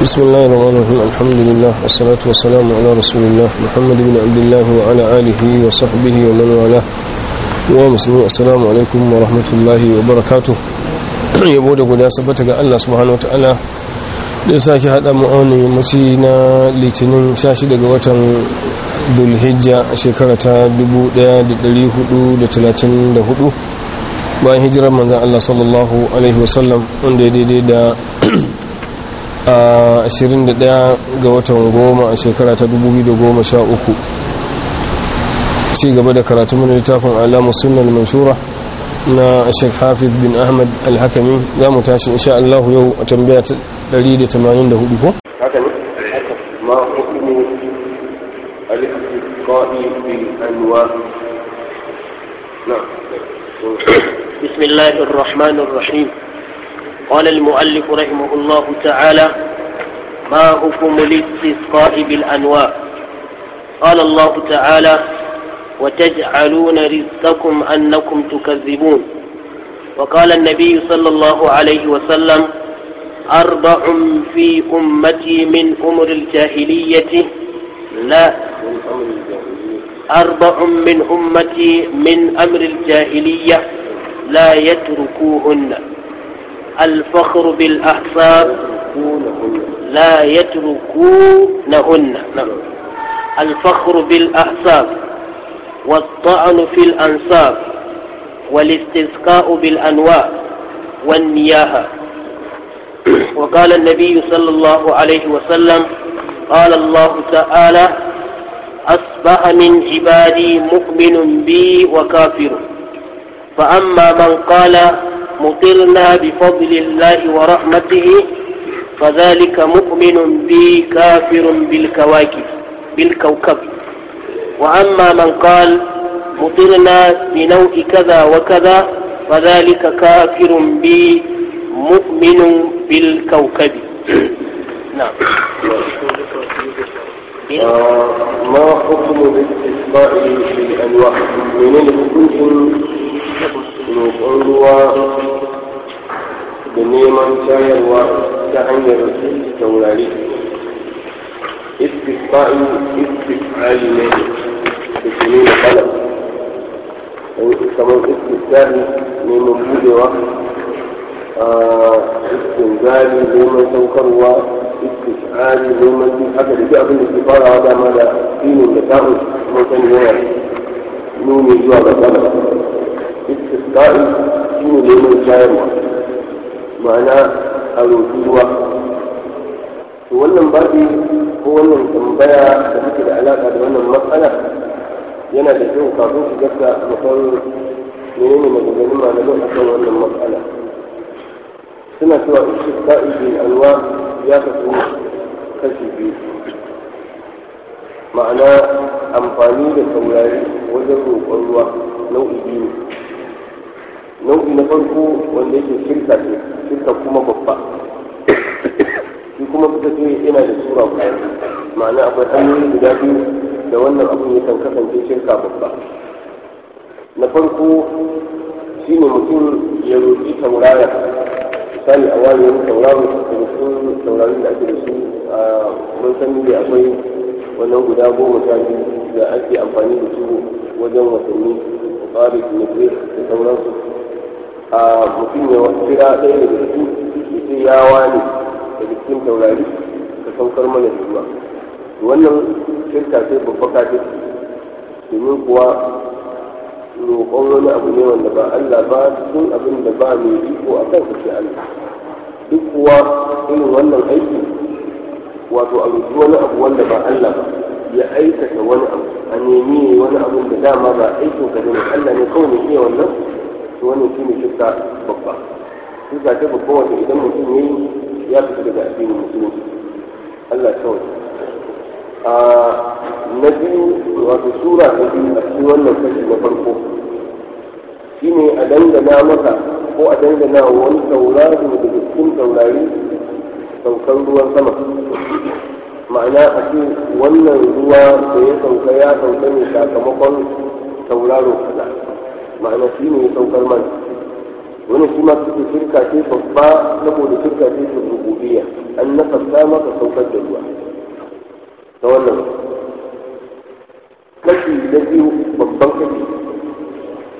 بسم الله الرحمن الرحيم الحمد لله والصلاة والسلام على رسول الله محمد بن عبد الله وعلى آله وصحبه ومن والاه ومسلمين السلام عليكم ورحمة الله وبركاته yabo da guda sabata ga Allah subhanahu wataala da ya sake hada mu a wannan na litinin 16 daga watan Dhulhijja shekara ta 1434 bayan hijirar manzon Allah sallallahu alaihi wasallam wanda daidai da a 21 ga watan goma a shekara ta 2013 ci gaba da karatu mana littafin alamu sunan manshura na shek hafiz bin ahmad alhakami za mu tashi insha allahu yau a tambaya ta 184 ko haka ne ma hukumu al-iqtiqai بسم الله الرحمن الرحيم قال المؤلف رحمه الله تعالى ما حكم الاستسقاء بالانواء قال الله تعالى وتجعلون رزقكم أنكم تكذبون وقال النبي صلى الله عليه وسلم أربع في أمتي من أمر الجاهلية لا أربع من أمتي من أمر الجاهلية لا يتركوهن الفخر بالأحصاب لا يتركونهن نعم. الفخر بالأحصاب والطعن في الأنصاب والاستسقاء بالأنواع والنياهة وقال النبي صلى الله عليه وسلم قال الله تعالى أصبح من عبادي مؤمن بي وكافر فأما من قال مطرنا بفضل الله ورحمته فذلك مؤمن بي كافر بالكواكب بالكوكب وأما من قال مطرنا بنوع كذا وكذا فذلك كافر بي مؤمن بالكوكب نعم آه، ما حكم الاستثناء في انواع من الحدود roƙon da neman shayarwa ta hanyar taurari istifa'in istifa'ali ne da shine da kalam kamar istifa'in neman budewa istinzali neman saukarwa istifa'ali neman haka da duk abin da ke farawa dama da ilimin da samun mun sani yana nuni zuwa ga kalam istisqa'i shi ne neman jayarwa ma'ana a to wannan babi ko wannan tambaya da take da alaka da wannan matsala yana da kyau kafin su gasa musan menene maganganun malamai a kan wannan matsala suna cewa istisqa'i bil alwa ya kasu kashi biyu ma'ana amfani da saurari wajen roƙon ruwa nau'i biyu nau'i na farko wanda yake shirka ce shirka kuma babba shi kuma kuka ce yana da sura yanzu ma'ana akwai hanyoyi guda biyu da wannan abin ya kan kasance shirka babba na farko shi ne mutum ya roƙi taurara misali a wani yanzu tauraro da mutum taurarin da ake da su a mun da akwai wannan guda goma sha biyu da ake amfani da su wajen wasanni tsari da da sauransu a mutum ya kira ɗaya da su sai ya wani da cikin taurari ka saukar mana da ruwa wannan shirka sai babba kafin domin kuwa roƙon wani abu ne wanda ba Allah ba cikin abin da ba mai iko a kan kashe Allah duk kuwa irin wannan aiki wato a rubuta wani abu wanda ba Allah ba ya aikata wani abu a nemi wani abu da dama ba aikin ka ne Allah ne kawai ne iya wannan Wannan wannan ne shirka babba shirka ta babba wanda idan mutum yi ya fita daga addinin musulunci Allah kawai a ah, na biyu wato sura ta biyu a cikin wannan kashi na farko Shi ne a dangana maka ko a dangana wani taurari da cikin taurari saukan ruwan sama ma'ana a ce wannan ruwa da ya sauka ya sauka ne sakamakon tauraro kaza ma'ana shi ne ya saukar man wani shi ma suke shirka ce babba saboda shirka ce su rububiyya an nakasta maka saukar da ruwa ta wannan kashi na biyu babban kashi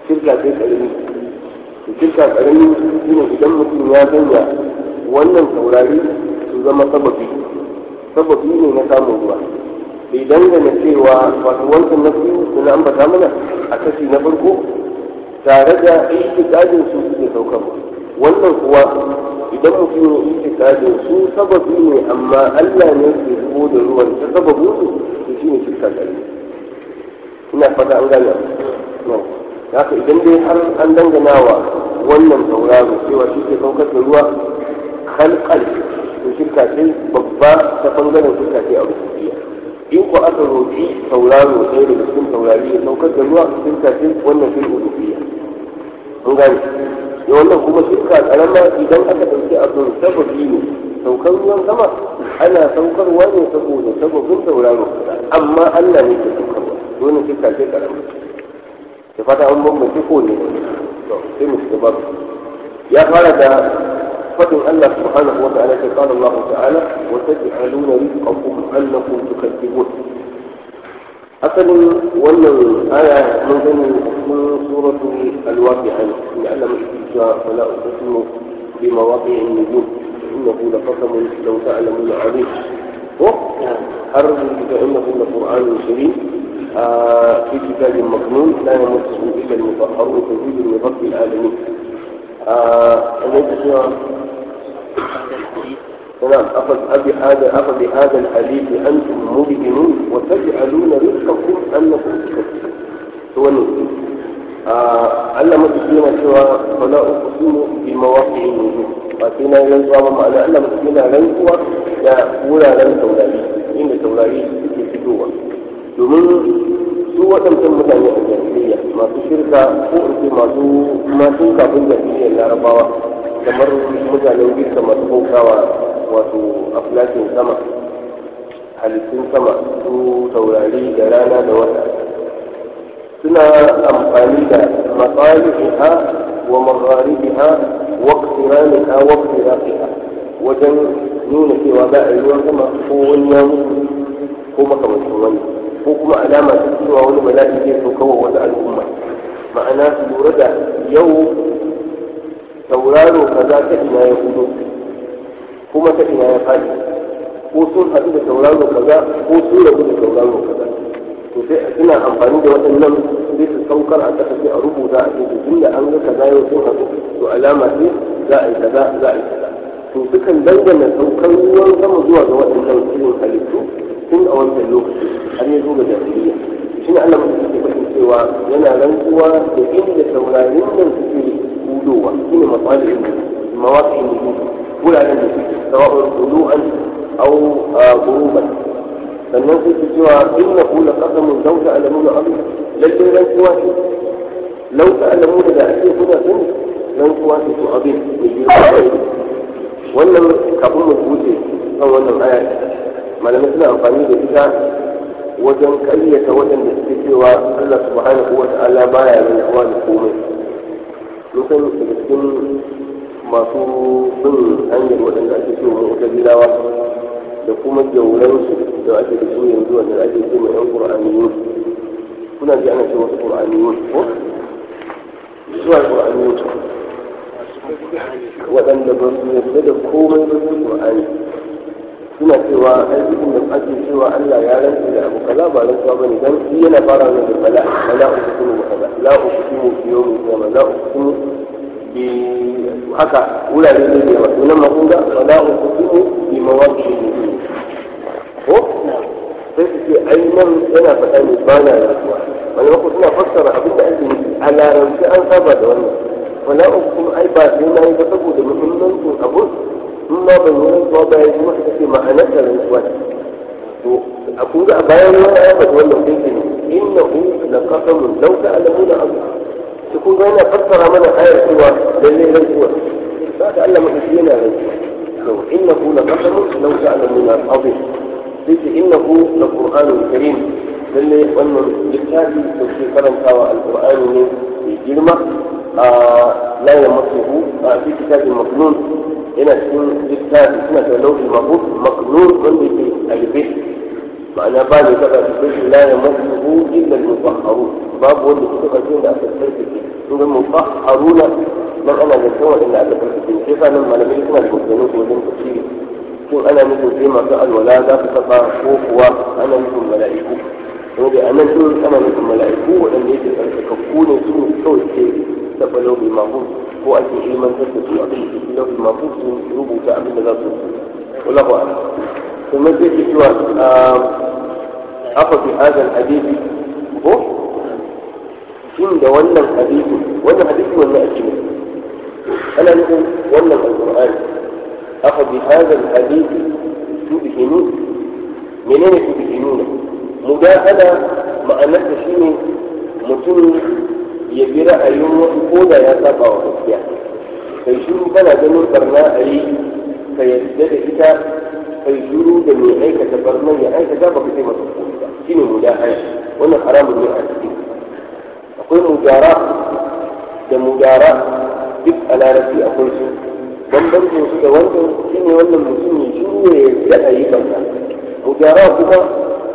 shirka ce karami shirka karami shi ne idan mutum ya sanya wannan saurari su zama sababi sababi ne na samun ruwa bai dangana cewa wato wancan na biyu da ambata mana a kashi na farko tare da intiƙadin su suke saukan wannan kuwa idan mutum ya intiƙadin su sababi ne amma Allah ne ke zubo da ruwan ta sababu su su shi ne shirka gari ina fata an gane haka idan dai har an dangana wa wannan sauraro cewa shi ke saukar da ruwa halkal to shirka ce babba ta bangaren shirka ce a rubuciya in ko aka roƙi sauraro ɗaya daga cikin saurari ya saukar da ruwa shirka ce wannan shirka uluhiyya an gane ya wannan kuma shirka karama idan aka ɗauki abin sababi ne saukan ruwan sama ana saukarwa ne saboda sababin sauraro amma allah ne ke saukarwa dole shirka ce karama da fata an bambam ko ne sai mu shiga babu ya fara da fadin allah subhanahu wa ta'ala ta qala allah ta'ala wa taj'aluna rizqakum annakum tukadzibun أصل wannan aya mun gani cikin suratul al-waqi'a ne Allah mai cewa fala uqsimu bi mawaqi'in nujum innahu laqasamun law ta'lamun 'azim ko har da innahu al-qur'anul karim في كتاب مكنون لا يمسه إلا المطهرون توحيد لرب العالمين. آه تمام أخذ أبي هذا أخذ هذا الحديث أنتم مجرمون وتجعلون رزقكم أنكم تكذبون هو آه، الدين سوى فلا أقسم بمواقع النجوم وأتينا إلى الزوام على ألا الدين لن هو لا ولا لن تولاي إن تولاي يفدوها domin su waɗancan mutane a jahiliya masu shirka ko in ce masu kafin jahiliyar larabawa kamar mutanen bisa masu kunkawa wato a filatin sama halittun sama su taurari da rana da wata suna amfani da matsalifiha wa magharibiha wa qtiraniha wa qtirafiha wajen nuna cewa za a yi ruwan sama ko wani ya mutu ko makamancin wani ko kuma alama ta cewa wani bala'i zai so kawo wata al'umma ma'ana su lura da yau sauraro ka za ta ina ya fito kuma ta ina ya fadi ko sun haɗu da sauraro ka za ko sun rabu da sauraro kaza to sai a suna amfani da waɗannan sai su saukar a ƙasa sai a rubuta a cikin tun da an ga kaza yau sun haɗu to alama ce za a yi kaza za a yi kaza to sukan dangana saukar ruwan sama zuwa ga waɗannan cikin halittu tun a wancan lokaci har ya zo ga jahiliya shi ne Allah mutum ke cewa yana rantsuwa da inda saurarin nan suke الخلوة آه، من مطالع المواقع النجوم ولا نجوم سواء خلوءا أو غروبا فالنظر في ان نقول قدم لو تعلمون أبي لكن لن تواجه لو تعلمون لأسي هنا ثم لن تواجه أبي ولم كبر مجهود أو ولم آية ما لم يكن أفاني بإذا وجن كلية وجن سوى الله سبحانه وتعالى بايع من أحوال قومه nisan daga cikin masu bin hanyar waɗanda ake ce mu utabilawa da kuma gyauransu da ake da su yanzu wanda ake ce mai yan ƙur'aniyun kuna ji ana ce wasu ƙur'aniyun ko zuwa ƙur'aniyun waɗanda ba su yadda da komai ba su ƙur'ani suna cewa ai cikin da ake cewa Allah ya rantsa da abu kaza ba rantsuwa ba ne dan shi yana fara da bala bala ukumu da kaza la ukumu bi yawmi qiyamah la ukumu bi eh, haka wurare ne da yawa sunan makunga wala ukumu bi mawaqi ko sai su ce ai nan yana faɗa ne ba na rantsuwa wani mako suna fassara abin da ake a larabci an saba da wannan wala ukumu ai ba sai na yi ba saboda muhimmancin abu suna ban yi rantsuwa ba ya kuma ita ce ma'anarta rantsuwa to a kuma bayan wani ayat wannan sai ke innahu la qasamun law ta'lamuna abu shi kun ga yana fassara mana ayar cewa lalle rantsuwa za ka Allah maka yana rantsuwa to innahu la qasamun law ta'lamuna abu sai ce innahu la qur'anul karim lalle wannan littafi da ke karantawa alqur'ani ne mai girma a la yamassuhu a fi kitabin maknun هنا الاسلام اسمه المقبول مقبول مكنون في البيت معنى بعد تبع البيت لا يمده الا المطهرون باب واللي كتب الجنة في البيت دول المطهرون من انا بالصور الا عدد الدين كيف لما لم يسمع المسلمين ولم تصير شو انا مثل فيما فعل ولا ذاك فقطع خوف وانا مثل ملائكه ودي انا شو انا مثل ملائكه ولم يجب ان تكفوني سوء سوء الشيء تقبلوا بما هو أي شيء من تلك في أبيه في لوح المحفوظ من قلوبه تعمل ذاته وله أعلم ثم البيت سؤال أخذ هذا الحديث هو شين دولنا الحديث ولا حديث ولا أجمل أنا نقول ولا القرآن أخذ هذا الحديث تبهنون من أين تبهنون مداخلة مع نفسه شيء متن ya bi ra'ayin wasu ko da ya saba wa gaskiya kai shiru kana ganin barna a yi ka yadda da ita kai shiru da mai aikata barna ya aikata ba ka sai masa komai ba shine mudahaya wannan haramun ne a cikin akwai mujara da mujara duk a larabci akwai su bambancin su da wannan ne wannan mutum ya shiru ya yadda a yi barna mujara kuma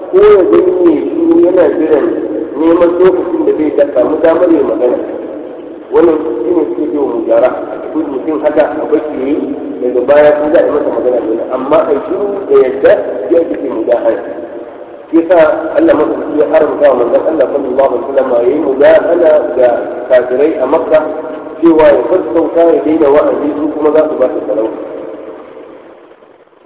ko ya gani ya shiru yana jiran neman lokacin da zai ga samu damar yin magana wannan shi ne suke biyo mu gyara ko mutum haka a baki yayi daga baya ko za a yi masa magana dole amma a shiru da yadda ya kike mu da hana shi yasa Allah madaukaki ya haramta wa manzon Allah sallallahu alaihi wasallam yayi mu da hana ga kafirai a Makka cewa ya sassauta ya daina wa'azi su kuma za su ba su talauci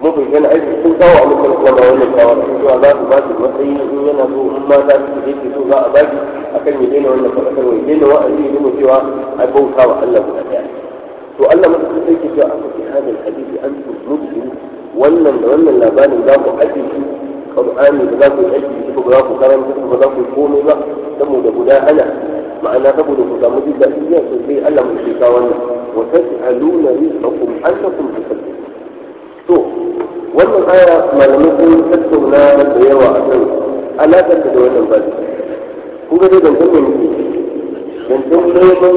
مخرج هنا عايز يكون سواء مثل لما اقول لك هو في عذاب ما الوحي من ابو ما ذات في سوء ابد اكن يدين ولا فكر ويدين وقال يدين سوى ابو سواء الله يعني وقال لما تقول جاء في هذا الحديث انتم مبشر ولا ولا لا بال ذاك حديث قرآن بذاك الحديث يشوفوا بذاك كلام يشوفوا بذاك يكون لا تمو ده بلا انا معناه تقولوا كذا مدة هي في ألم الشيطان وتسألون رزقكم أنكم تكذبون wannan aya malamai sun tattauna da yawa a kan alaƙar da wannan ba kun ga dai zancen ne muke zancen neman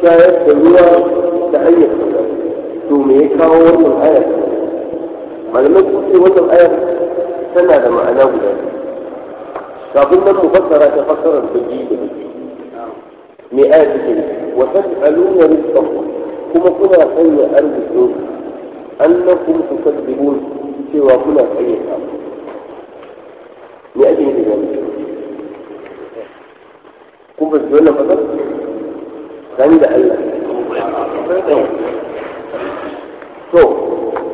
shayar da ruwa da hanyar kusa to me ya kawo wannan aya malamin sun ce wannan aya tana da ma'ana guda kafin nan mu fassara ta fassarar da biyu da me aya take wa tas'aluna rizqakum kuma kuna sanya arzikin annakum tukadzibun في وقلة أي كلام لأجل ذلك قم بالدولة مثلا غنى الله شو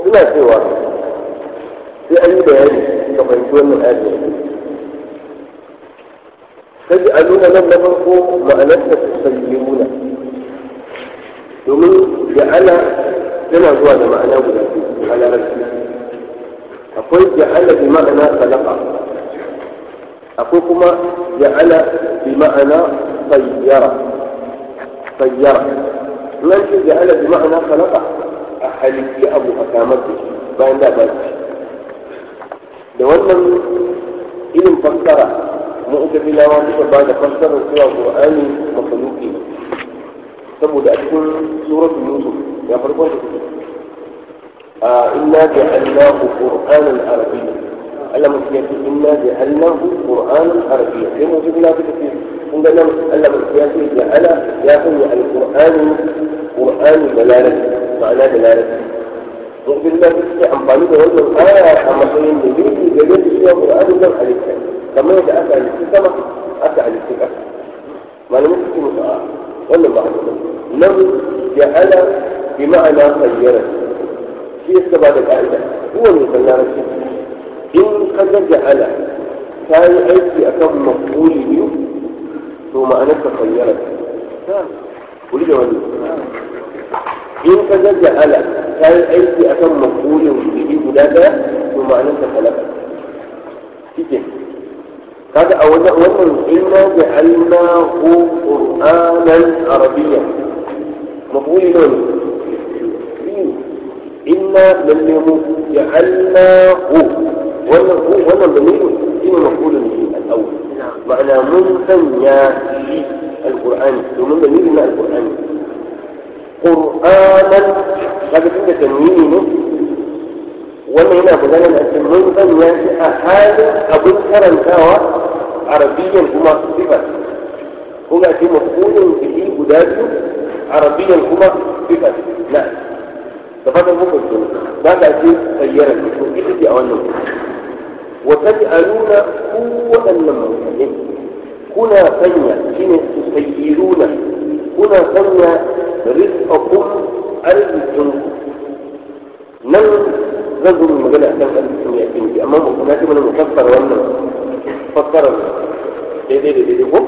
بلا سوى في أي بيان طبعا يكون من تجعلون لم نفرقوا ما أنت تسلمون يومي جعل كما هو هذا معناه على رسول akwai ja'ala bi ma'ana khalaqa akwai kuma ja'ala bi ma'ana tayyara sayyara nan ce ja'ala bi ma'ana khalaqa a halitti abu a kamar da shi bayan da ba shi da wannan irin fassara bilawa suka ba da fassarar cewa qur'ani makaluki saboda a cikin suratul yusuf ya farko da إنا جعلناه قرآنا عربيا ألا مسيح إنا جعلناه قرآنا عربيا ليه موجود لا بكثير عندنا ألا مسيح جعل يعني القرآن قرآن دلالة معنى دلالة وفي الله في أمباني بقول له آية أمباني جديد جديد شيء قرآن الله عليك كما يتأتى على السكمة أتى على السكمة ما نمسك مساعة ولا ما نمسك جعل بمعنى خيرته في استبعاد القاعدة هو المثنى رشيد إن قد جعل كان أيدي أكب مقبول اليوم ثم أنا تخيرت قولي نعم. له إن قد جعل كان أيدي أكب مقبول اليوم بلادا ثم أنا تخلق كده هذا أولا أولا إنا جعلناه قرآنا عربيا مقبول اليوم inna lalle mu ya allahu wannan hu wannan dalilu shine mafulun bi al-awwal ma'ana mun sanya shi al-qur'ani domin dalilin na al-qur'ani qur'anan kaga tunda tanwini ne wannan yana magana da cikin mun sanya shi a halin abin karantawa arabiyyan kuma sifar kuma ce mafulun bi guda biyu arabiyyan kuma sifa na'am da fatan muku su za ka ce tsayyarar da su ita ce a wannan wata ji a nuna ku waɗannan mutane kuna sanya shi ne su tsayyiruna kuna sanya rizakun arzikin nan zan zo magana a kan arzikin ya fi amma mu kuma ji mana mu fassara wannan fassarar daidai da daidai ko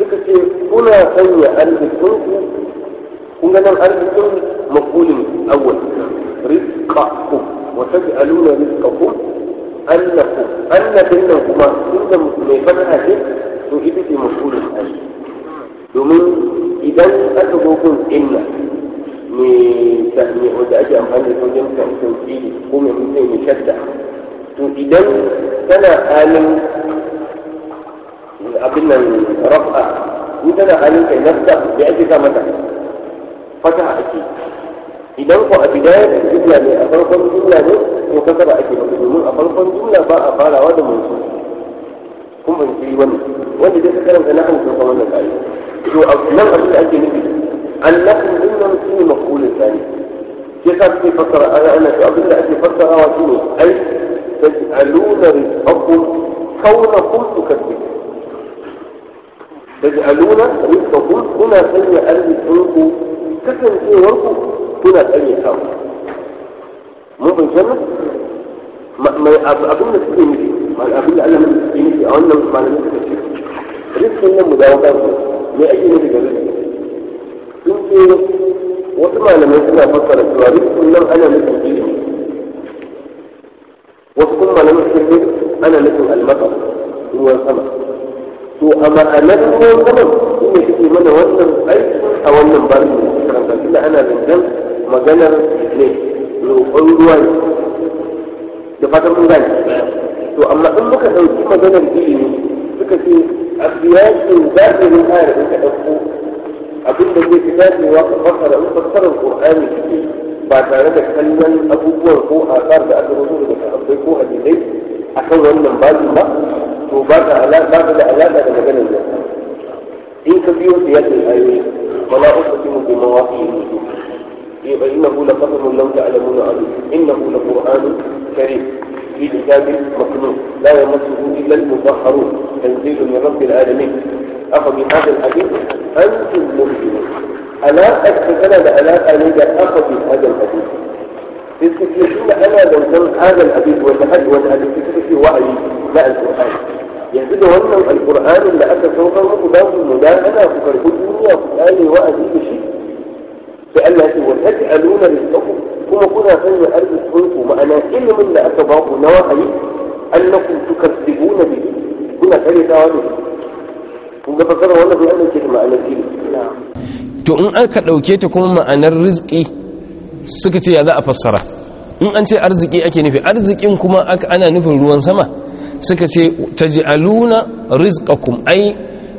suka ce kuna sanya arzikin ku إنما الآن يقول مقبول أول رزقكم وتجعلون رزقكم أنكم أن بينكم إن ميقنع هذه تجد في مقبول الآن يومين إذا أتبوكم إن ميتأمي أدأج أم أن يتجم كأنتم فيه قوم يمتين شدة إذا كان آلم أبنا رفعة مثلا آلم كي نبدأ بأجل ثمتك fataha ake idan ku a bidayar jumla ne a farkon jumla ne ko kasara ake ba domin a farkon jumla ba a farawa da mansu kun ban kiri wannan wanda zai karanta na hankali kuma wannan kai to a nan abin da ake nufi annahu dinnan shine maqulul thani sai ka ce fassara ana ana to abin da ake fassarawa shine ai taj'aluna rizqakum kaunakum tukaddibu taj'aluna rizqakum kuna sanya arzikinku kasancewarku kuna tsare kawo mun fahimci wannan mai abin da suke nufi abin da Allah mai suke nufi a wannan malamin suka ce rikin nan mu dawo kansu mai ake nufi ga rikin sun ce wasu malamai suna fassara cewa rikin nan ana nufin ilimi wasu kuma malamai suka ce ana nufin almasa ruwan sama to a ma'anar ruwan sama shi ne suke mana wannan aiki a wannan barin مثلا قال كده انا بنزل وما قال ليه؟ لقول دواي بقدر من تو وأما امك حيث ما قال لي بك في اخيات وبعد من هذا انت حبه اقول لك في كتاب وقت فصل او فصل القران بعد ان تكلم ابو بكر هو اثار بعد الرسول بك ابو بكر أقول أن من بعد ما وبعد على بعد الأعلام هذا مجنون. إن كبير في هذه الأيام. ولا أقسم بمواقع النجوم إيه، فإنه لقسم لو تعلمون عليه إنه لقرآن كريم في كتاب مكنون لا يمسه إلا المطهرون تنزيل من رب العالمين أفبهذا الحديث أنتم مؤمنون ألا أتكلم ألا أريد هذا الحديث يقول أنا لو كان هذا الحديث والحديث والحديث في وعي مع القرآن yanzu da wannan alƙur'anin da aka saukar muku za su mu ana ku karɓi duniya ku kare wa'azi da shi sai Allah ya ce wa taj'aluna rizqakum kuma kuna sanya arzikinku ma'ana ilimin da aka ba ku na wahayi annakum tukazzibuna bihi kuna karyatawa da wani. kun ga fasara wannan bai Allah ke da ma'anar ilimi to in aka ɗauke ta kuma ma'anar rizqi suka ce ya za a fassara in an ce arziki ake nufi arzikin kuma ana nufin ruwan sama suka ce taj'aluna rizqakum ai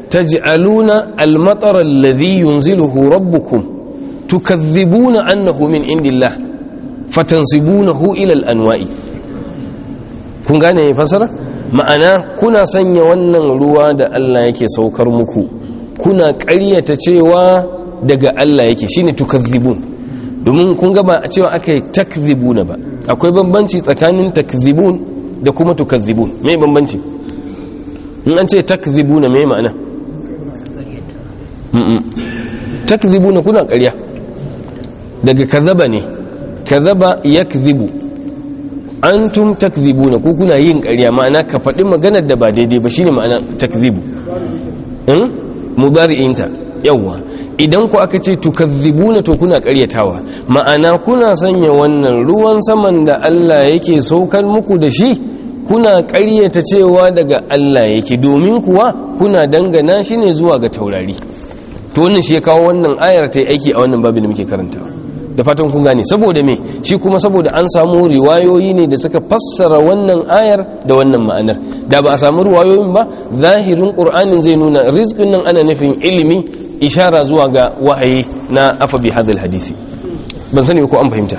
taj'aluna al-matar alladhi yunziluhu rabbukum tukadhibuna annahu min indillah fatansibunahu ila al-anwa'i kun gane fasara ma'ana kuna sanya wannan ruwa da Allah yake saukar muku kuna ƙaryata cewa daga Allah yake shine tukadhibun domin kun ga ba a cewa akai takdhibuna ba akwai bambanci tsakanin takdhibun da kuma tukazzibun me bambanci in an ce takzibuna me ma'ana takzibuna kuna ƙarya daga kazaba ne kazaba yakzibu antum takzibuna ko kuna yin ƙarya ma'ana ka faɗi maganar da ba daidai ba shine ma'ana takzibu hmm? in ta. yawwa idan ku aka ce tukazzibuna to kuna karyatawa ma'ana kuna sanya wannan ruwan saman da Allah yake saukan muku da shi kuna ƙaryata cewa daga Allah yake domin kuwa kuna dangana shi ne zuwa ga taurari to wannan shi kawo wannan ayar ta yi aiki a wannan babin da muke karanta da fatan kun gane saboda me shi kuma saboda an samu riwayoyi ne da suka fassara wannan ayar da wannan ma'anar da ba a samu riwayoyin ba zahirin qur'anin zai nuna rizqin nan ana nufin ilimi ishara zuwa ga wahayi na afa bi hadal hadisi ban sani ko an fahimta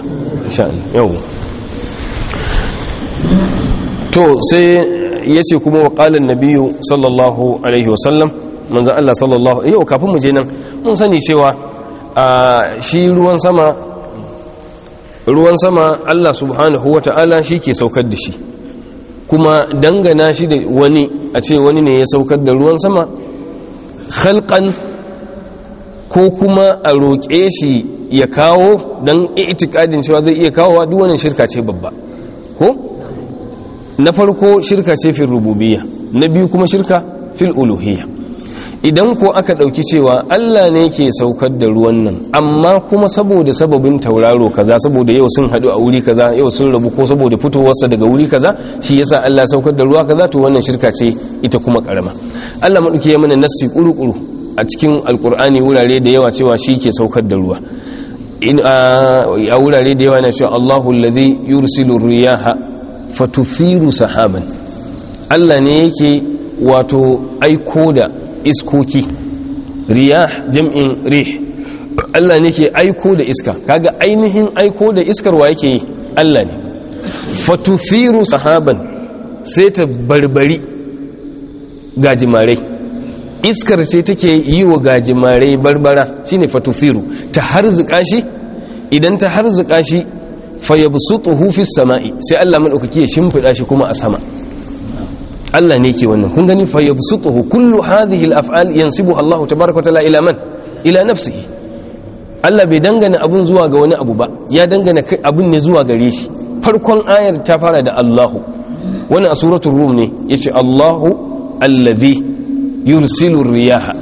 to sai ya ce kuma wa ƙalin nabiyu sallallahu alaihi wasallam manzan Allah sallallahu alaihi eh, yau kafin mu je nan mun sani cewa shi ruwan sama ruwan sama Allah subhanahu wa ta'ala shi ke saukar da shi kuma dangana shi da wani a ce wani ne ya saukar da ruwan sama halkan ko kuma a roƙe shi ya kawo don itikadin cewa zai iya kawowa duk wannan shirka ce babba ko na farko shirka ce fil rububiyya na biyu kuma shirka fil uluhiyya idan ko aka ɗauki cewa Allah ne ke saukar da ruwan nan amma kuma saboda sababin tauraro kaza saboda yau sun haɗu a wuri kaza yau sun rabu ko saboda fitowarsa daga wuri kaza shi yasa Allah saukar da ruwa kaza to wannan shirka ce ita kuma karama Allah maɗauki ya mana nassi kurukuru a cikin alkur'ani wurare da yawa cewa shi ke saukar da ruwa a wurare da yawa na cewa Allahu allazi yursilu riyaha fatufiru sahaban Allah ne yake wato aiko da iskoki riyah jam'in rih Allah ne yake aiko da iska kaga ainihin aiko da iskar wa yake yi Allah ne fatufiru sahaban sai ta barbari gajimare, iskar ce take yi wa gajimare barbara shine fatufiru ta harzuka shi idan ta harzuka shi fayabsutuhu fi sama'i sai Allah ɗaukaki ya shimfida shi kuma a sama Allah ne ke wannan kun gani fayabsutuhu kullu hadhihi al-af'al yansibuha Allah tabaaraka ta'ala ila man ila nafsihi Allah bai dangana abun zuwa ga wani abu ba ya dangana abun ne zuwa gare shi farkon ayar ta fara da Allahu wani a suratul rum ne yace Allahu allazi yursilu riyaha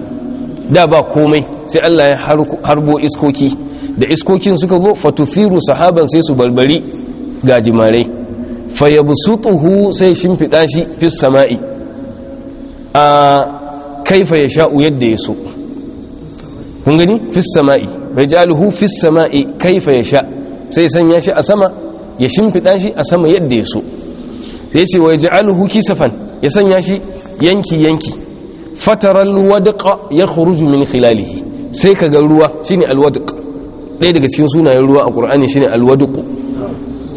da ba komai sai Allah ya harbo iskoki da iskokin suka zo fatufiru sahaban sai su balbali gajimarai fayabsutuhu sai shimfiɗa shi fis sama'i a kaifa ya sha'u yadda ya so kun gani fis sama'i bai ji alhu fis sama'i kaifa ya sha sai sanya shi a sama ya shimfiɗa shi a sama yadda ya so sai ce wai ji kisafan ya sanya shi yanki-yanki fataral wadqa ya min khilalihi sai kaga ruwa shine alwadqa ɗaya daga cikin sunayen ruwa a ƙur'ani shine alwaduku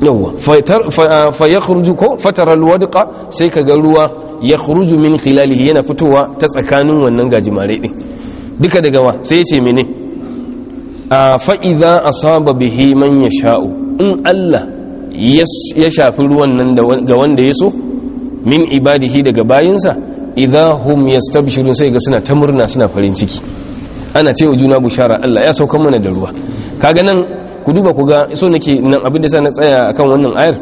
yawwa fa ya khurju ko fatar alwaduka sai ka ga ruwa ya khurju min khilalihi yana fitowa ta tsakanin wannan gajimare ɗin duka daga wa sai ya ce mene a fa'iza asaba bihi man sha'u in Allah ya shafi ruwan nan ga wanda ya so min ibadihi daga bayinsa idza hum yastabshirun sai ga suna ta murna suna farin ciki ana ce wa juna bushara Allah ya saukan mana da ruwa kaga nan ku duba ku ga so nake nan abin da sa na tsaya akan wannan ayar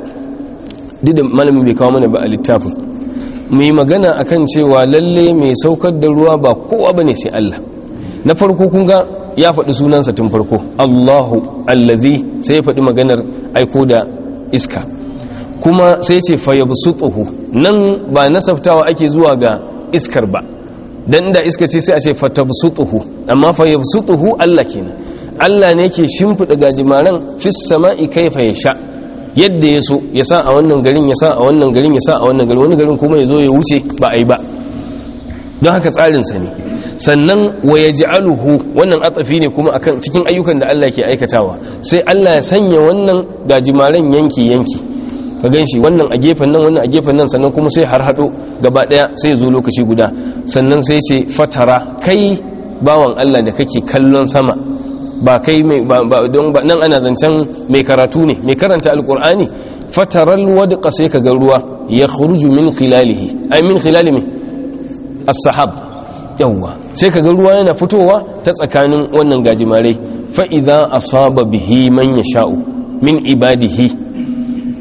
duk da malamin bai kawo mana ba a littafin mai magana akan cewa lalle mai saukar da ruwa ba kowa ba ne sai Allah na farko kun ga ya faɗi sunansa tun farko Allahu allazi sai ya faɗi maganar aiko da iska kuma sai ce fayabsutuhu nan ba nasaftawa ake zuwa ga iskar ba dan da iska ce sai a ce fatabsutuhu amma fa yabsutuhu Allah kenan Allah ne ke shimfida gajimaran fis sama'i kaifa yasha yadda yaso so ya sa a wannan garin ya sa a wannan garin ya sa a wannan garin wani garin kuma ya ya wuce ba a ba don haka tsarinsa ne sannan wayaj'aluhu wannan atafi ne kuma akan cikin ayyukan da Allah ke aikatawa sai Allah ya sanya wannan gajimaren yanki yanki ka gan shi wannan a gefen nan wannan a gefen nan sannan kuma sai har haɗo gaba ɗaya sai zo lokaci guda sannan sai ce fatara kai bawan allah da kake kallon sama ba kai mai ba don ba nan ana zancen mai karatu ne mai karanta alkur'ani fataral wadqa sai ka ga ruwa ya khuruju min khilalihi ay min khilali me as-sahab yawa sai ka ga ruwa yana fitowa ta tsakanin wannan gajimare fa idza asaba bihi man yasha'u min ibadihi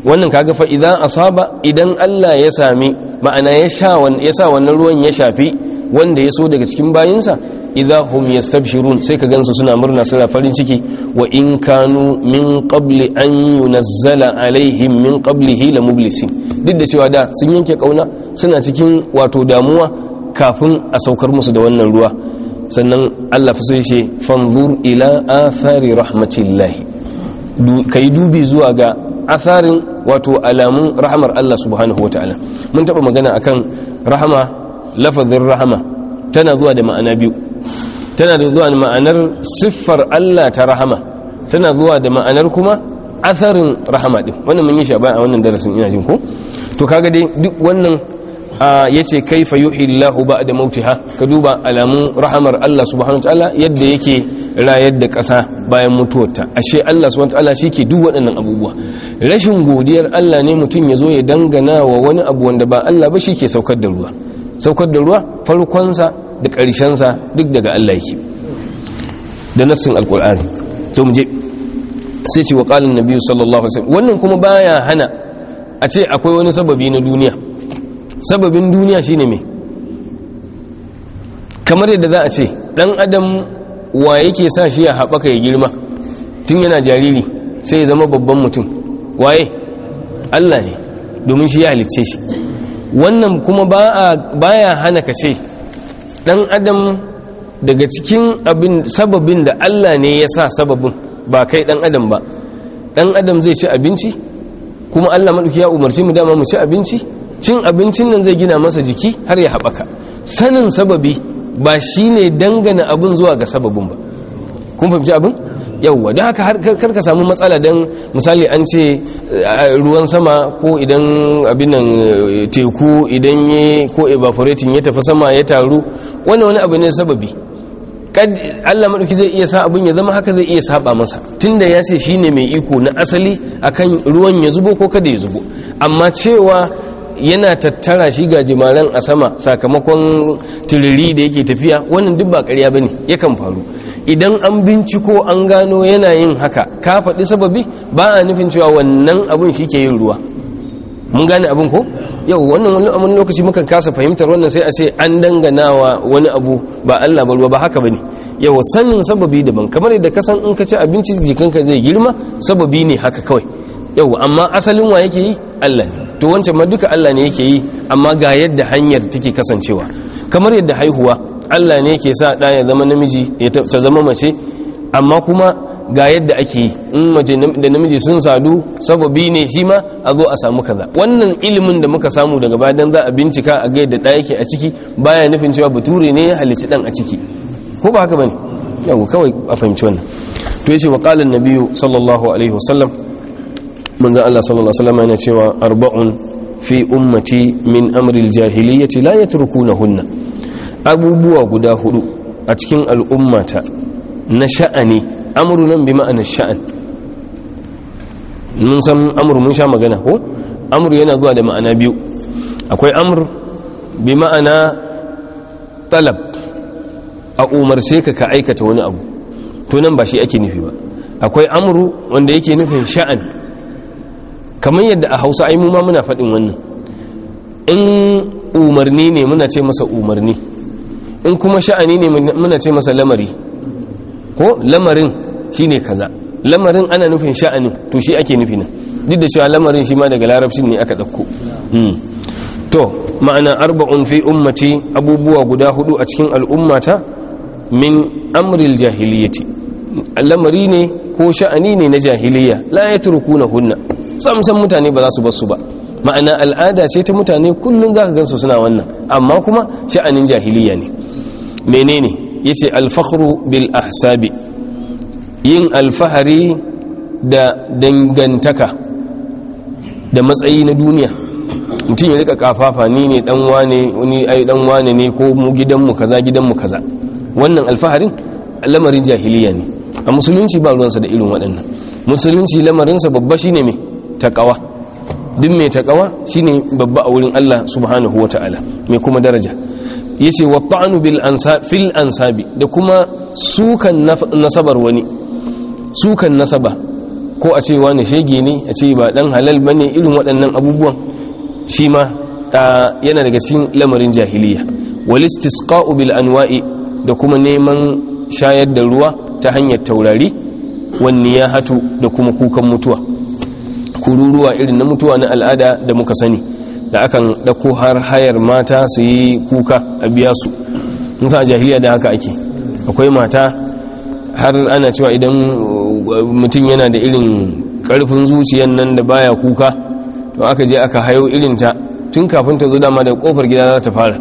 wannan kaga fa idan asaba idan Allah ya sami ma'ana ya sa wannan ruwan ya shafi wanda ya so daga cikin bayinsa idza hum yastabshirun sai ka gansu suna murna suna farin ciki wa in kanu min qabli an zala alaihim min qablihi la mublisin duk da cewa da sun yanke kauna suna cikin wato damuwa kafin a saukar musu da wannan ruwa sannan Allah fa sai ce fanzur ila athari rahmatillahi kai dubi zuwa ga atharin wato alamun rahamar Allah subhanahu wataala mun taɓa magana akan rahama lafazin rahama tana zuwa da ma'ana biyu tana da zuwa da ma'anar siffar Allah ta rahama tana zuwa da ma'anar kuma asarin rahama ɗin wannan mun yi shi a wannan darasin ina jin ko to kaga dai duk wannan ya ce kai fa yuhi ba da mautiha ka duba alamun rahamar Allah subhanahu wa ta'ala yadda yake rayar da ƙasa bayan mutuwarta ashe Allah subhanahu wa ta'ala shi ke duk waɗannan abubuwa rashin godiyar Allah ne mutum ya zo ya dangana wa wani abu wanda ba Allah ba shi ke saukar da ruwa saukar da ruwa farkonsa da sa duk daga Allah yake da nassin alqur'ani to mu je sai ce wa qala an sallallahu alaihi wasallam wannan kuma baya hana a ce akwai wani sababi na duniya sababin duniya shine me kamar yadda za a ce dan adam wa yake sa shi ya haɓaka ya girma tun yana jariri sai ya zama babban mutum waye Allah ne domin shi ya halicce shi wannan kuma ba ya hana ka ce dan adam daga cikin abin sababin da Allah ne ya sa sababin ba kai dan adam ba dan adam zai ci abinci kuma Allah maɗuki ya umarci mu dama mu ci abinci cin abincin nan zai gina masa jiki har ya haɓaka sanin sababi ba shi ne dangane abin zuwa ga sababin ba kun fahimci abin yauwa don haka har ka samu matsala don misali an ce eh, ruwan sama ko idan abinan eh, teku idan ya ko evaporatin ya tafi sama ya taru wani wani abu ne sababi Allah maɗauki zai iya sa abin ya zama haka zai iya saba masa tunda ya ce shine mai iko na asali akan ruwan ya zubo ko kada ya zubo amma cewa yana tattara shi ga jimaren a sama sakamakon tiriri da yake tafiya wannan duk ba karya bane yakan faru idan an binciko an gano yana yin haka ka faɗi sababi ba a nufin cewa wannan abun shi ke yin ruwa mun gane abin ko yau wannan wani amin lokaci mukan kasa fahimtar wannan sai a ce an danganawa wani abu ba Allah ba ruwa ba haka bane yau sanin sababi daban kamar yadda ka san in ka ci abinci jikinka zai girma sababi ne haka kawai yau amma asalin wa yake yi Allah ne to wancan ma duka Allah ne yake yi amma ga yadda hanyar take kasancewa kamar yadda haihuwa Allah ne yake sa ɗa ya zama namiji ya ta zama mace amma kuma ga yadda ake yi in mace da namiji sun sadu sababi ne shi ma a zo a samu kaza wannan ilimin da muka samu daga dan za a bincika a ga yadda ɗa yake a ciki baya nufin cewa bature ne ya halicci ɗan a ciki ko ba haka bane yau kawai a fahimci wannan to yace wa qala an-nabiyyu sallallahu alaihi wasallam manzan Allah sallallahu alaihi wasallam yana cewa arba'un fi ummati min amril jahiliyyati la yatrunahunna abubuwa guda hudu a cikin al'ummata na sha'ani amru nan bi ma'ana sha'an mun san amru mun sha magana ko amru yana zuwa da ma'ana biyu akwai amru bi ma'ana talab a sai ka ka aikata wani abu to nan ba shi ake nufi ba akwai amru wanda yake nufin sha'an kamar yadda a hausa ai mu ma muna faɗin wannan in umarni ne muna ce masa umarni in kuma sha'ani ne muna ce masa lamari ko lamarin shine kaza lamarin ana nufin sha'ani to shi ake nufi na duk da cewa lamarin shi ma daga larabcin ne aka ɗauko hmm. to ma'ana arba'un fi ummati abubuwa guda hudu a cikin al'ummata min amril jahiliyyati lamari ne ko sha'ani ne na jahiliya la yatrukuna hunna samsan mutane ba za su basu ba ma'ana al'ada ce ta mutane kullum za ka gansu suna wannan amma kuma sha'anin jahiliya ne menene ya ce alfahru bil ahsabi yin alfahari da dangantaka da matsayi na duniya mutum ya rika kafafa ni ne dan wane wani ai dan wane ne ko mu gidanmu kaza gidanmu kaza wannan alfaharin lamarin jahiliya ne a musulunci ba ruwansa da irin waɗannan musulunci lamarinsa babba shine me taqawa duk mai taqawa shine babba a wurin Allah subhanahu wataala mai kuma daraja yace wa ta'nu bil ansab fil ansabi da kuma sukan nasabar wani sukan nasaba ko a ce wani shege ne a ce ba dan halal ba ne irin waɗannan abubuwan shi ma yana daga cikin lamarin jahiliya wal istisqa'u bil anwa'i da kuma neman shayar da ruwa ta hanyar taurari wanne ya hatu da kuma kukan mutuwa kururuwa irin na mutuwa na al'ada da muka sani da akan ɗauko har hayar mata su yi kuka a biya su musa jahiliya da haka ake akwai mata har ana cewa idan uh, mutum yana da irin karfin zuciyan nan da baya kuka to aka je aka hayo ta, tun kafin ta zo dama da kofar gida za ta fara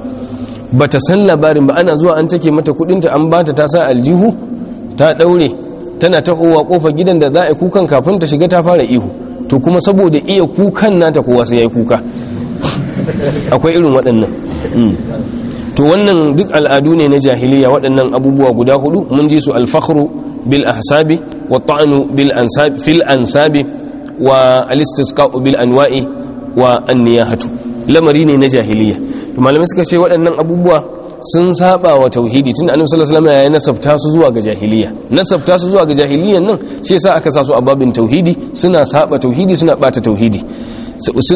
ba ta san labarin ba ana zuwa an cake mata kudinta an ba ta sa aljihu ta daure tana tahowa kofar gidan da za a kukan kafin ta shiga ta fara ihu to kuma saboda iya kukan nata kowa sai ya yi kuka akwai irin waɗannan hmm. to wannan duk al'adu ne na jahiliya waɗannan abubuwa guda hudu mun ji su alfakhru bil ahsabi wa ta'anu bil fil ansabi wa al bil anwa'i wa an-niyahatu lamari ne na jahiliya to malamai suka ce waɗannan abubuwa sun saba wa tauhidi tunda annabi sallallahu alaihi wasallam ya nasabta su zuwa ga jahiliya nasabta su zuwa ga jahiliyan nan shi yasa aka sa su a babin tauhidi suna saba tauhidi suna bata tauhidi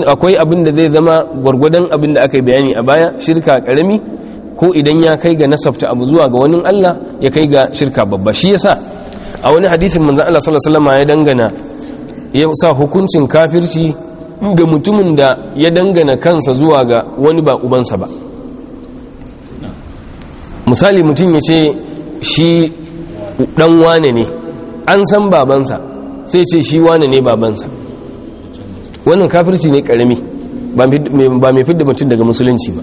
akwai abin da zai zama gwargwadon abin da aka yi bayani a baya shirka karami ko idan ya kai ga nasabta abu zuwa ga wani Allah ya kai ga shirka babba shi yasa a wani hadisin manzon Allah sallallahu alaihi wasallam ya dangana ya sa hukuncin kafirci ga mutumin da ya dangana kansa zuwa ga wani ba ubansa ba misali mutum ya ce shi dan wane ne an san babansa sai ce shi wane ne babansa wannan kafirci ne karami ba mai fidda mutum daga musulunci ba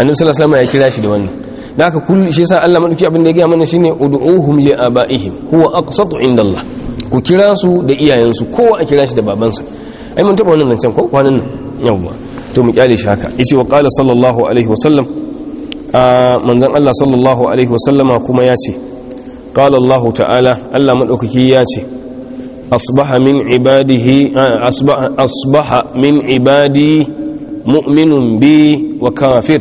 annabi sallallahu alaihi ya kira shi da wannan da aka kulle shi sa Allah madauki abin da ya gaya mana shine ud'uhum li abaihim huwa aqsatu Allah ku kira su da iyayensu kowa a kira shi da babansa ai mun taba wannan zancen ko kwanan nan yawwa to mu kyale shi haka yace wa qala sallallahu alaihi wasallam manzan Allah sallallahu alaihi wasallama kuma ya ce ƙala Allah ta'ala Allah maɗaukaki ya ce asbaha min ibadi mu'minun bi wa kafir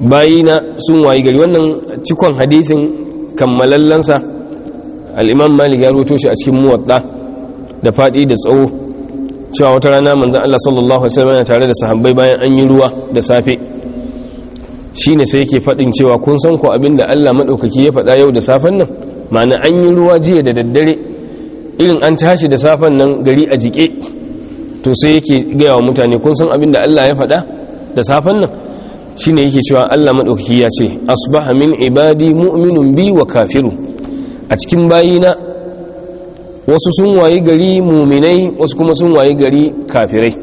bayina sun wayi gari wannan cikon hadithin kammalallansa al malik ya roto shi a cikin muwadda da faɗi da tsawo cewa wata rana manzan Allah sallallahu Alaihi wasallama yana tare da sahabbai bayan an yi ruwa da safe shi ne sai yake faɗin cewa kun san ku abinda Allah maɗaukaki ya faɗa yau da safen nan ma'ana an yi ruwa jiya da daddare irin an tashi da safen nan gari a jike to sai yake gaya wa mutane kun san abinda Allah ya faɗa da safen nan shi shine yake cewa Allah maɗaukaki ya ce asbaha min ibadi mu'minun bi wa kafiru a cikin bayina wasu sun wayi gari muminai wasu kuma sun wayi gari kafirai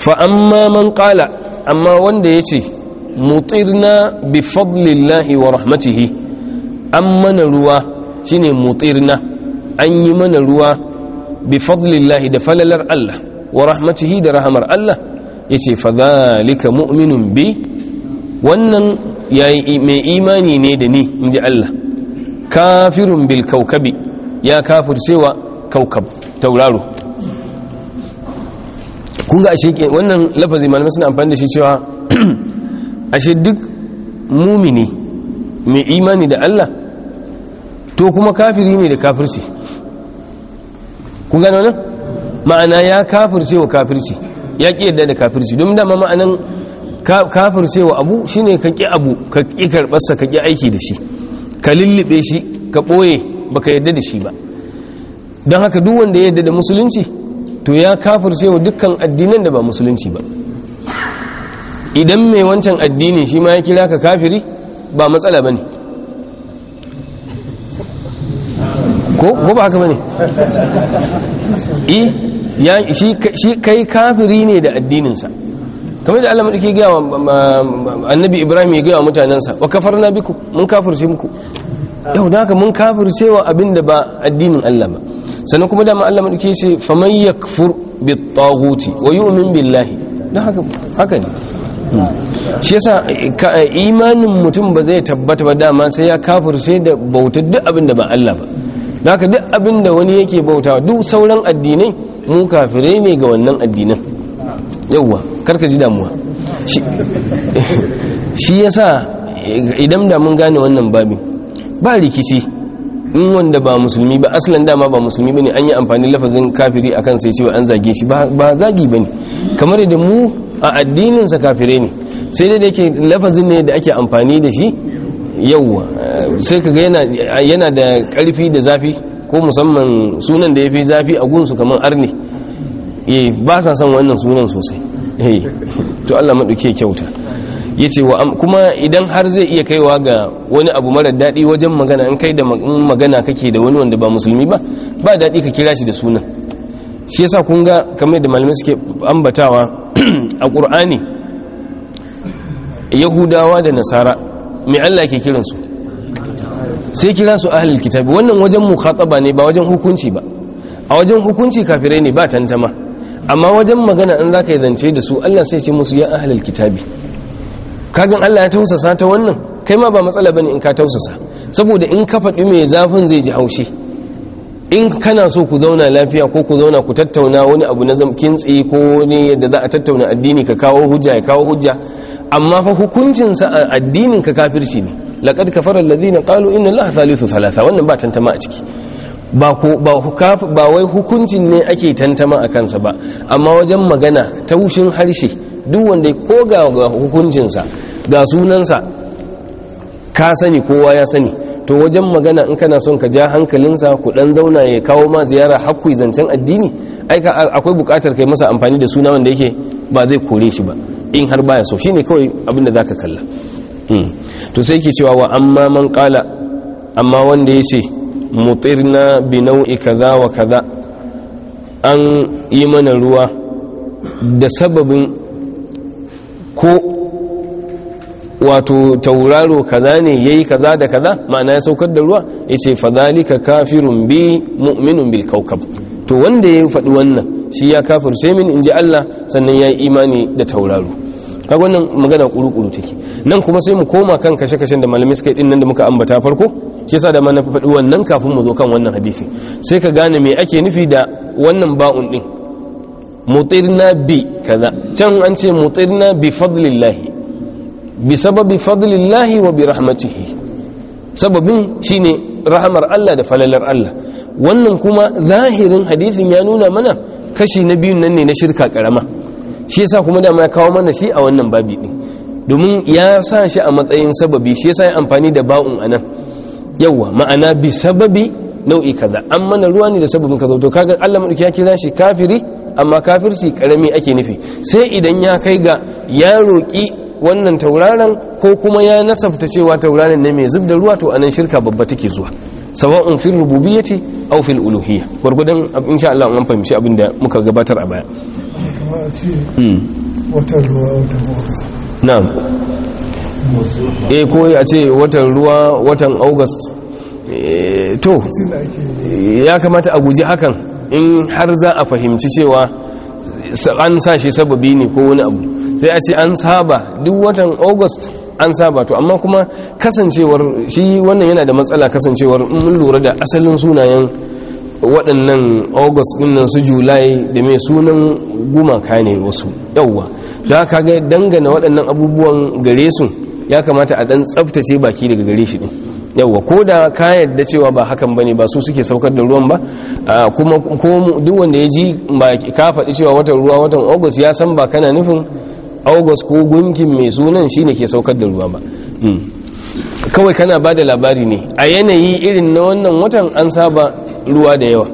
fa amma man qala amma wanda yace mutirna bi fadlillahi wa rahmatihi an mana ruwa shine mutirna an yi mana ruwa bi fadlillahi da falalar Allah wa rahmatihi da rahamar Allah yace fa zalika mu'minun bi wannan yayi mai imani ne da ni inji Allah kafirun bil kaukabi ya cewa kaukab tauraro kun ga ashe wannan lafazi malamai suna amfani da shi cewa ashe duk mumini mai imani da Allah to kuma kafiri ne da kafirci kuga gano nan ma'ana ya kafirce wa kafirci ya ƙi yadda da kafirci domin dama ma'anan kafirce wa abu shine ka ƙi abu ka ƙi karɓarsa ka ƙi aiki da shi ka lullube shi ka ɓoye ba ka yadda da shi ba don haka duk wanda ya yadda da musulunci to ya kafirce wa dukkan addinan da ba musulunci ba idan mai wancan addini shi ma ya kira ka kafiri ba matsala ba ne ko ba haka ba ne eh, shi kai kafiri ne da addininsa kamar da Allah ke gaya wa annabi Ibrahim ya gaya wa mutanensa wa kafar na biku mun shi muku yau da haka mun kafirce wa abin da ba addinin Allah ba sannan kuma dama Allah madauke ce faman yakfur bit taghuti wa umin billahi don haka haka ne shi yasa imanin mutum ba zai tabbata ba dama sai ya sai da bauta duk abin da ba Allah ba haka duk abin da wani yake bauta duk sauran addinai mu kafire ne ga wannan addinan yauwa karka ji damuwa shi yasa idan da mun gane wannan babi ba rikici in wanda ba musulmi ba aslan dama ba musulmi bane an yi amfani lafazin kafiri akan sai cewa an zage shi ba zagi bane kamar da mu a addininsa kafirai ne sai dai da yake lafazin ne da ake amfani da shi yauwa sai kaga yana da ƙarfi da zafi ko musamman sunan da ya fi zafi a gunsu kamar arne eh, ba sa son wannan sunan sosai eh, to Allah maɗauke kyauta ya wa kuma idan har zai iya kaiwa ga wani abu mara daɗi wajen magana an kai da magana kake da wani wanda ba musulmi ba ba daɗi ka kira shi da sunan shi yasa kun ga kamar da malamai suke ambatawa a ƙur'ani yahudawa da nasara mai allah ke kiransu sai kira su ahalil kitabi wannan wajen mukhataba ne ba wajen hukunci ba a wajen hukunci kafirai ne ba tantama amma wajen magana in za ka yi zance da su allah sai ce musu ya ahalil kitabi kagan allah ya tausasa ta wannan kai ma ba matsala ba ne in ka tausasa saboda in ka faɗi mai zafin zai ji haushi in kana so ku zauna lafiya ko ku zauna ku tattauna wani abu na zamkin tsaye ko wani yadda za a tattauna addini ka kawo hujja ya kawo hujja amma fa hukuncinsa a addinin ka kafirci ne laqad kafara allazina qalu inna allaha thalithu thalatha wannan ba tantama a ciki ba ko ba ba wai hukuncin ne ake tantama a kansa ba amma wajen magana ta wushin harshe duk wanda ko ga hukuncinsa ga sunansa ka sani kowa ya sani to wajen magana in kana son ka ja hankalinsa ku dan zauna ya kawo ma ziyara hakku zancen addini ai akwai bukatar kai masa amfani da suna wanda yake ba zai kore shi ba in har baya so shine kawai abin da zaka kalla hmm. to sai ke cewa wa amma man qala amma wanda ya ce mutirna bi nau'i kaza wa kaza an yi mana ruwa da sababin ko wato tauraro kaza ne yayi kaza da kaza ma'ana ya saukar da ruwa yace zalika kafirun bi mu'minun bil kawkab to wanda ya faɗi wannan shi ya sai min inji Allah sannan yayi imani da tauraro kaga wannan magana kurukuru take nan kuma sai mu koma kan kashe kashe da malamai suka din nan da muka ambata farko shi yasa da ma na faɗi wannan kafin mu zo kan wannan hadisi sai ka gane me ake nufi da wannan ba'un din mutirna bi kaza can an ce mutirna bi fadlillahi bisababi fadlillahi wa bi rahmatihi sababin shine rahamar Allah da falalar Allah wannan kuma zahirin hadisin ya nuna mana kashi na biyun nan ne na shirka karama shi yasa kuma dama ya kawo mana shi a wannan babi din domin ya sa shi a matsayin sababi shi yasa ya amfani da ba'un anan yawa ma'ana bi sababi nau'i kaza an mana ruwa ne da sababin kaza to kaga Allah madauki ya kira shi kafiri amma kafirci karami ake nufi sai idan ya kai ga ya roki wannan tauraron ko kuma ya nasabta cewa tauraron ne mai zub da ruwa to anan shirka babba take zuwa sawa'un fil rububiyyati aw fil uluhiyya gurgudan insha Allah mun fahimci abin da muka gabatar a baya hmm. watan ruwa na'am eh ko a ce watan ruwa watan august eh, to ya kamata a guji hakan in har za a fahimci cewa an sa shi sababi ne ko wani abu sai a ce an saba duk watan august an saba to amma kuma kasancewar shi wannan yana da matsala kasancewar mun lura da asalin sunayen waɗannan august ɗinnan su july da mai sunan gumaka ne wasu yauwa za ka ga dangane waɗannan abubuwan gare su ya kamata a ɗan tsaftace baki daga gare shi ɗin yawwa ko da ka yadda cewa ba hakan bane ba su suke saukar da ruwan ba kuma ko duk wanda ya ji ba ka faɗi cewa watan ruwa watan august ya san ba kana nufin august ko gunkin mai sunan shine ke saukar da ruwa ba hmm. kawai kana ba da labari ne a yanayi irin na wannan watan an saba ruwa da yawa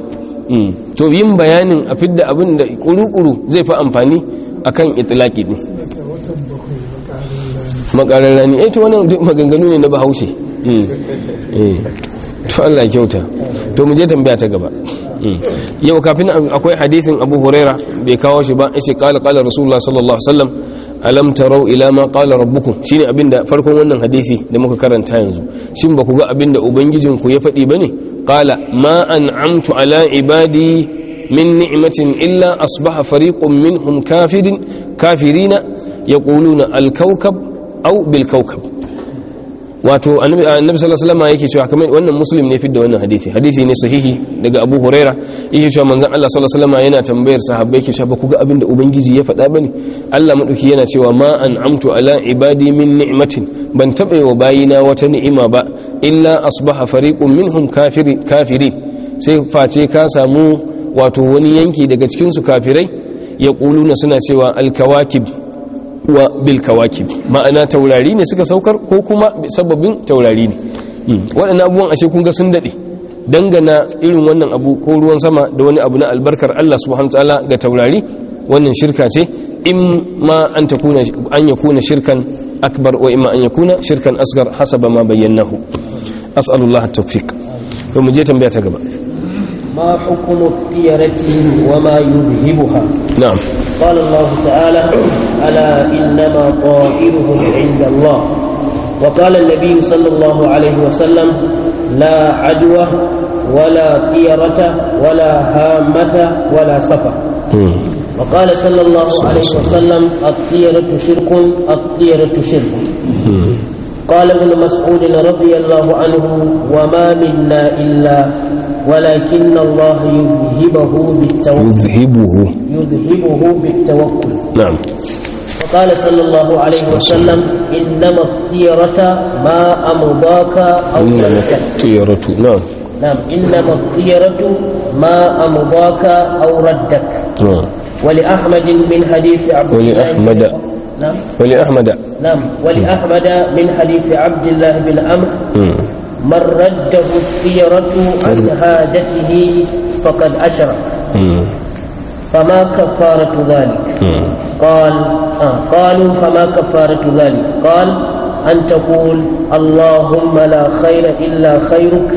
hmm. to yin bayanin a fidda abin da kuru-kuru zai fi amfani akan itilaki ne makararra ne? eh to maganganu ne na bahaushe hmm. eh, to Allah kyauta to mu je tambaya ta gaba hmm. yau kafin akwai hadisin Abu Huraira bai kawo shi ba ishe kala kala Rasulullah sallallahu alaihi wasallam alam tarau ila ma qala rabbukum shine abinda farkon wannan hadisi da muka karanta yanzu shin ba ku ga ubangijin ku ya faɗi ne? qala ma an'amtu ala ibadi min ni'matin illa asbaha fariqun minhum kafirin kafirina yaquluna al-kawkab au bil kawkab wato annabi sallallahu alaihi wasallam yake cewa kamar wannan muslim ne fidda wannan hadisi hadisi ne sahihi daga abu huraira yake cewa manzon Allah sallallahu alaihi wasallam yana tambayar sahabbai yake cewa ku ga abin da ubangiji ya faɗa bane Allah madauki yana cewa ma an amtu ala ibadi min ni'matin ban taba taɓa wa bayina wata ni'ima ba illa asbaha fariqun minhum kafiri kafirin sai face ka samu wato wani yanki daga cikin su kafirai yaquluna suna cewa al-kawakib wa bil kawakib ma'ana taurari ne suka saukar ko kuma sababbin taurari ne hmm. waɗannan abubuwan ashe kun ga sun daɗe dangana irin wannan abu ko ruwan sama da wani abu na albarkar Allah subhanahu ta'ala ga taurari wannan shirka ce in ma an kuna an kuna shirkan akbar wa imma an ya kuna shirkan asgar hasaba ma bayyanahu as'alullahi at-tawfiq to mu je tambaya ta gaba ما حكم طيرتهم وما يذهبها نعم قال الله تعالى ألا إنما طائرهم عند الله وقال النبي صلى الله عليه وسلم لا عدوى ولا طيرة ولا هامة ولا سفر وقال صلى الله عليه وسلم الطيرة شرك الطيرة شرك قال ابن مسعود رضي الله عنه وما منا إلا ولكن الله يذهبه بالتوكل يذهبه يذهبه بالتوكل نعم وقال صلى الله عليه وسلم إنما الطيرة ما أمضاك أو تركك الطيرة نعم نعم إنما الطيرة ما أمضاك أو ردك نعم ولأحمد من حديث عبد ولأحمد نعم ولأحمد نعم ولأحمد من حديث عبد الله بن عمرو نعم. من رده السيرة عن شهادته فقد أشرك فما كفارة ذلك قال آه قالوا فما كفارة ذلك قال أن تقول اللهم لا خير إلا خيرك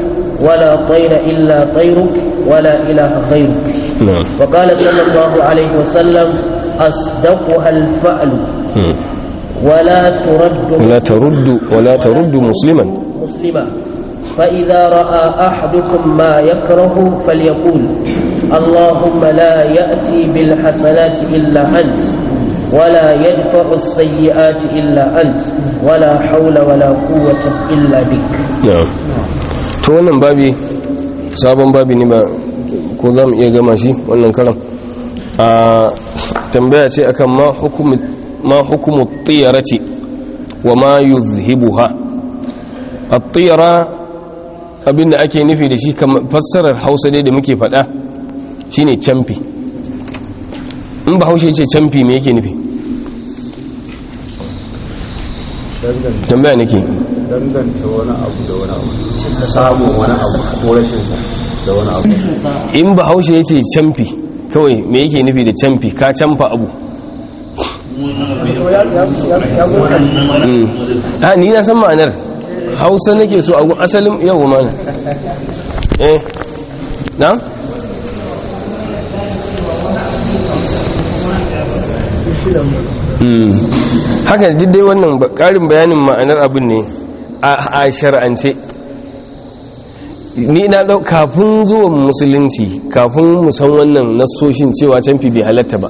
ولا طير إلا طيرك ولا إله غيرك نعم. وقال صلى الله عليه وسلم أصدقها الفعل ولا ترد ولا ترد ولا ترد مسلما مسلما فإذا رأى أحدكم ما يكره فليقول اللهم لا يأتي بالحسنات إلا أنت ولا يدفع السيئات إلا أنت ولا حول ولا قوة إلا بك نعم to wannan babi sabon babi ne ba ko za mu iya gama shi wannan karan a tambaya ce akan ma hukumu tiyarati wa ma ha a tiyara abin da ake nufi da shi fassarar hausa dai da muke faɗa shine camfi in ba haushe ce camfi me yake nufi tambaya nake in ba haushe ya ce camfi kawai me yake nufi da camfi ka camfa abu ha hmm. ah, ni na san ma'anar hausa nake so a asalin yau mana eh na? Hmm. haka jiddai wannan karin bayanin ma'anar abin ne a shar'ance ni na dau kafin zuwa musulunci kafin musan wannan nasoshin cewa canfi bai halatta ba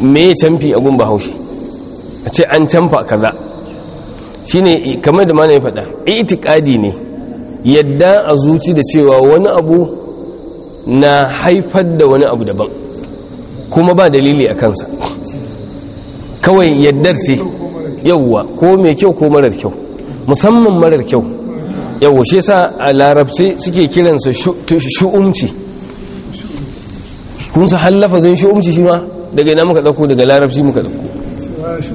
me canfi a gun bahaushe a ce an canfa kaza shine kamar da mana ya faɗa itikadi ne yadda a zuci da cewa wani abu na haifar da wani abu daban kuma ba dalili a kansa kawai yaddar ce yawwa ko mai kyau ko marar kyau musamman marar kyau yawwa shi sa a larabci suke kiransa shu'umci kun sa hallafa zai shu'umci shi ma daga ina muka ɗauko daga larabci muka ɗauko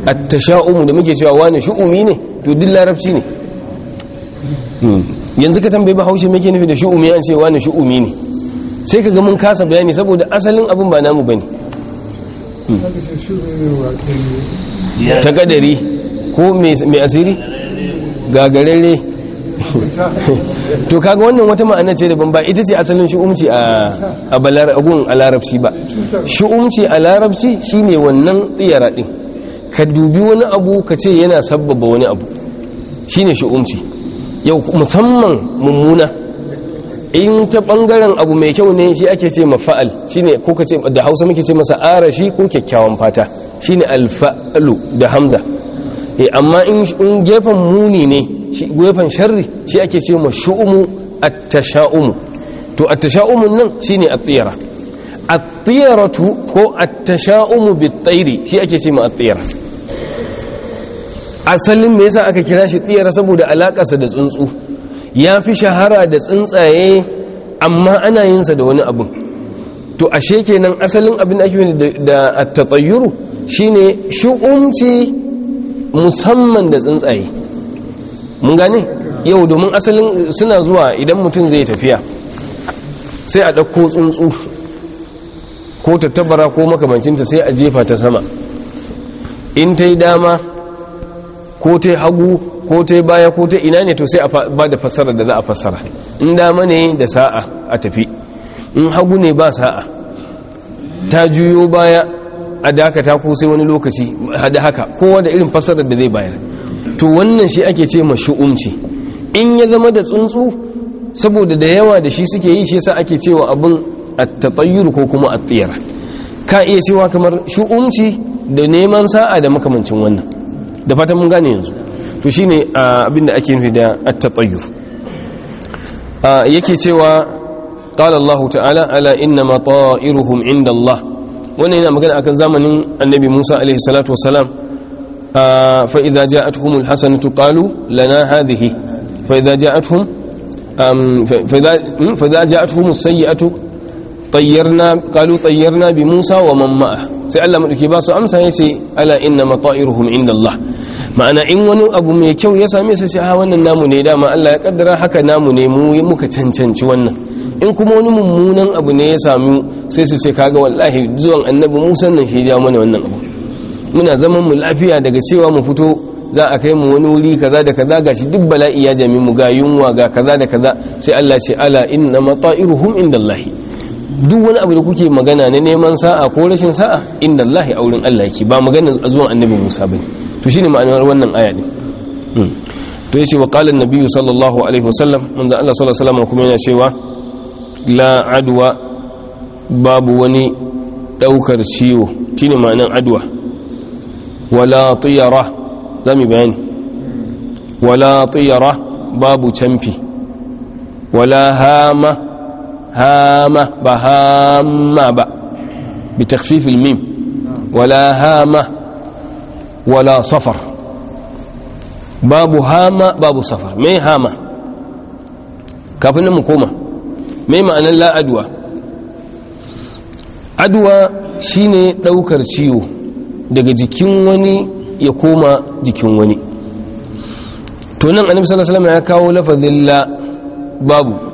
attasha'umu da muke cewa wani shu'umi ne to duk larabci ne hmm. yanzu ka tambaye ba haushe muke nufi da shu'umi an ce wani shu'umi ne sai ka ga mun kasa bayani saboda asalin abin ba namu bane hmm. ta kadari ko mai asiri gagarere to kaga wannan wata ma'ana ce ban ba ita ce asalin shu'umci a a larabci ba shu'umci a larabci shine wannan tsiyara din ka dubi wani abu ka ce yana sabbaba wani abu shine shi'umci yau musamman mummuna in ta ɓangaren abu mai kyau ne shi ake ce mafa'al ne ko ka ce da Hausa muke ce masa arashi ko kyakkyawan fata shi ne alfa’alu da hamza e amma in gefen muni ne gefen sharri shi ake ce ma shu'umu a tasha’umu to a tasha’umun nan ne a tsira at ko at bit shi ake ce ma asalin me yasa aka kira shi tsiyara saboda alakarsa da tsuntsu ya fi shahara da tsuntsaye amma ana yin sa da wani abu to ashe kenan asalin abin da ake da at shine shu'umci musamman da tsuntsaye mun gane yau domin asalin suna zuwa idan mutum zai tafiya sai a ɗauko tsuntsu ko ta tabara ko makamancinta sai a jefa ta sama in ta yi dama ko ta yi hagu ko ta yi baya ko ta ina ne to sai a ba da fassara da za a fassara in dama ne da sa'a a tafi in hagu ne ba sa'a ta juyo baya a dakata ko sai wani lokaci da haka kowa da irin fassarar da zai bayar to wannan shi ake ce ma in ya zama da tsuntsu saboda da yawa da shi suke yi shi sa ake cewa abin at-tatayyur ko kuma at-tiyara ka iya cewa kamar shu'umci da neman sa'a da makamancin wannan da fatan mun gane yanzu to shine abinda ake nufi da at-tatayyur yake cewa qala Allah ta'ala ala inna ma ta'iruhum inda Allah wannan yana magana akan zamanin annabi Musa alaihi salatu wasalam fa idza ja'atuhum al-hasanatu qalu lana hadhihi fa idza ja'atuhum fa idza as-sayyi'atu kalu qalu na bi Musa wa Mammaa sai Allah madauki ba su amsa ya ce ala inna mata'iruhum inda Allah ma'ana in wani abu mai kyau ya same su sai a ah, wannan namu ne dama Allah ya kaddara haka namu ne mu muka cancanci wannan in kuma wani mummunan abu ne ya samu sai su ce kaga wallahi zuwan annabi Musa nan shi ja mana wannan abu muna zaman mu lafiya daga cewa mu fito za a kai mu wani wuri kaza da kaza gashi duk bala'i ya jami mu ga yunwa ga kaza da kaza sai Allah ce ala inna mata'iruhum indallahi duk wani abu da kuke magana na neman sa'a ko rashin sa'a inda Allah ya aurin Allah yake ba magana zuwan annabi Musa bane to shine ma'anar wannan aya ne hmm. to yace wa qala an-nabi sallallahu alaihi wasallam manzo Allah sallallahu alaihi wasallam kuma yana cewa la adwa babu wani daukar ciwo shine ma'anar adwa wala tiyara zami bayani wala tiyara babu camfi wala hama hama ba hama ba bi takfifil mim wala hama wala safar babu hama babu safar mai hama kafin mu koma mai ma'anar la'aduwa aduwa shine ɗaukar ciwo daga jikin wani ya koma jikin wani to nan annabi ya kawo lafazin babu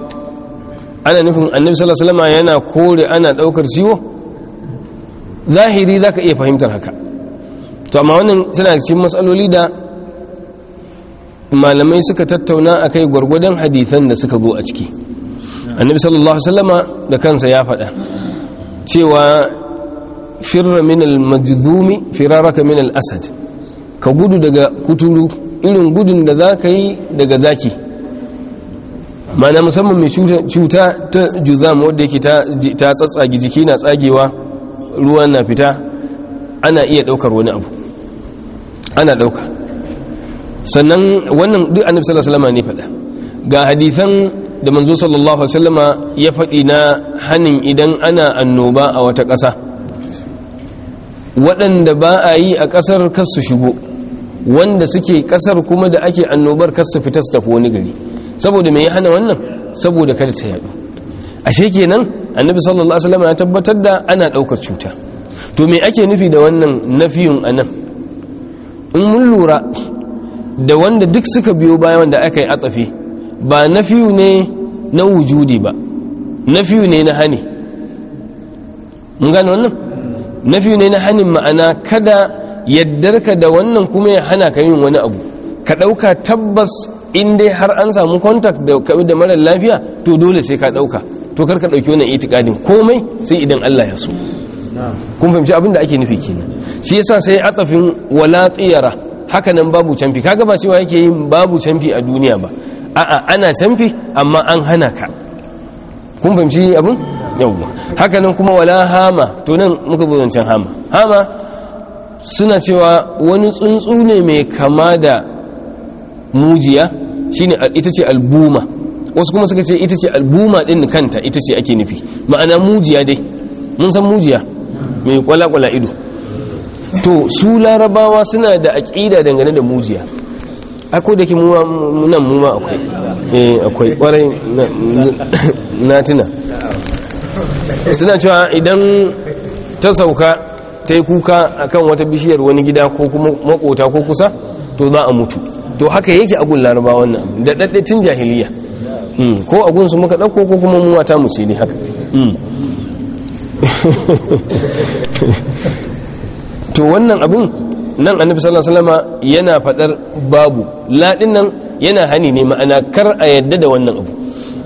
ana nufin annabi sallallahu alaihi yana kore ana daukar ciwo zahiri zaka iya fahimtar haka to amma wannan suna cikin matsaloli da malamai suka tattauna akai gwargwadon hadisan da suka zo a ciki annabi sallallahu alaihi da kansa ya faɗa cewa firra min al-majdhumi firaraka min al-asad ka gudu daga kuturu irin gudun da zaka yi daga zaki mana musamman mai cuta ta juzam wadda yake ta tsatsage jiki na tsagewa ruwan na fita ana iya daukar wani abu ana dauka sannan wannan duk annabi sallallahu alaihi wasallam ne faɗa ga hadisan da manzo sallallahu alaihi wasallam ya faɗi na hanin idan ana annoba a wata ƙasa waɗanda ba a yi a ƙasar kasu shigo wanda suke ƙasar kuma da ake annobar kasu fita su tafi wani gari saboda mai ya hana wannan saboda kada ta yadu ashe kenan annabi sallallahu alaihi wasallam ya tabbatar da ana daukar cuta to me ake nufi da wannan nafiyun anan in mun lura da wanda duk suka biyo baya wanda aka yi atsafi ba nafiyu ne na wujudi ba nafiyu ne na hani mun gane wannan nafiyu ne na hanin ma'ana kada yaddarka da wannan kuma ya hana ka yin wani abu ka ɗauka tabbas in dai har an samu kontak da kabi da marar lafiya to dole sai ka ɗauka to kar ka ɗauki wannan itikadin komai sai idan Allah ya so kun fahimci abin da ake nufi kenan shi yasa sai atsafin wala tsiyara haka nan babu canfi kaga ba cewa yake yin babu canfi a duniya ba a'a ana canfi amma an hana ka kun fahimci abin yawwa haka nan kuma wala hama to nan muka buzancin hama hama suna cewa wani tsuntsu ne mai kama da mujiya shine ita ce albuma wasu kuma suka ce ita ce albuma din kanta ita ce ake nufi ma'ana mujiya dai mun san mujiya mai kwalakwala ido to su larabawa suna da aƙida dangane da mujiya akwai da ke nan muma akwai akwai kwarai na tuna suna cewa idan ta sauka ta yi kuka kan wata bishiyar wani gida ko kuma makota ko kusa to za a mutu to haka yake agun laraba wannan da daɗe tun jahiliya hmm, ko agun su muka ɗauko ko kuma mu mata mu ce ne haka hmm. to wannan abin nan annabi sallallahu alaihi wasallama yana faɗar babu laɗin nan yana hani ne ma'ana kar a yadda da wannan abu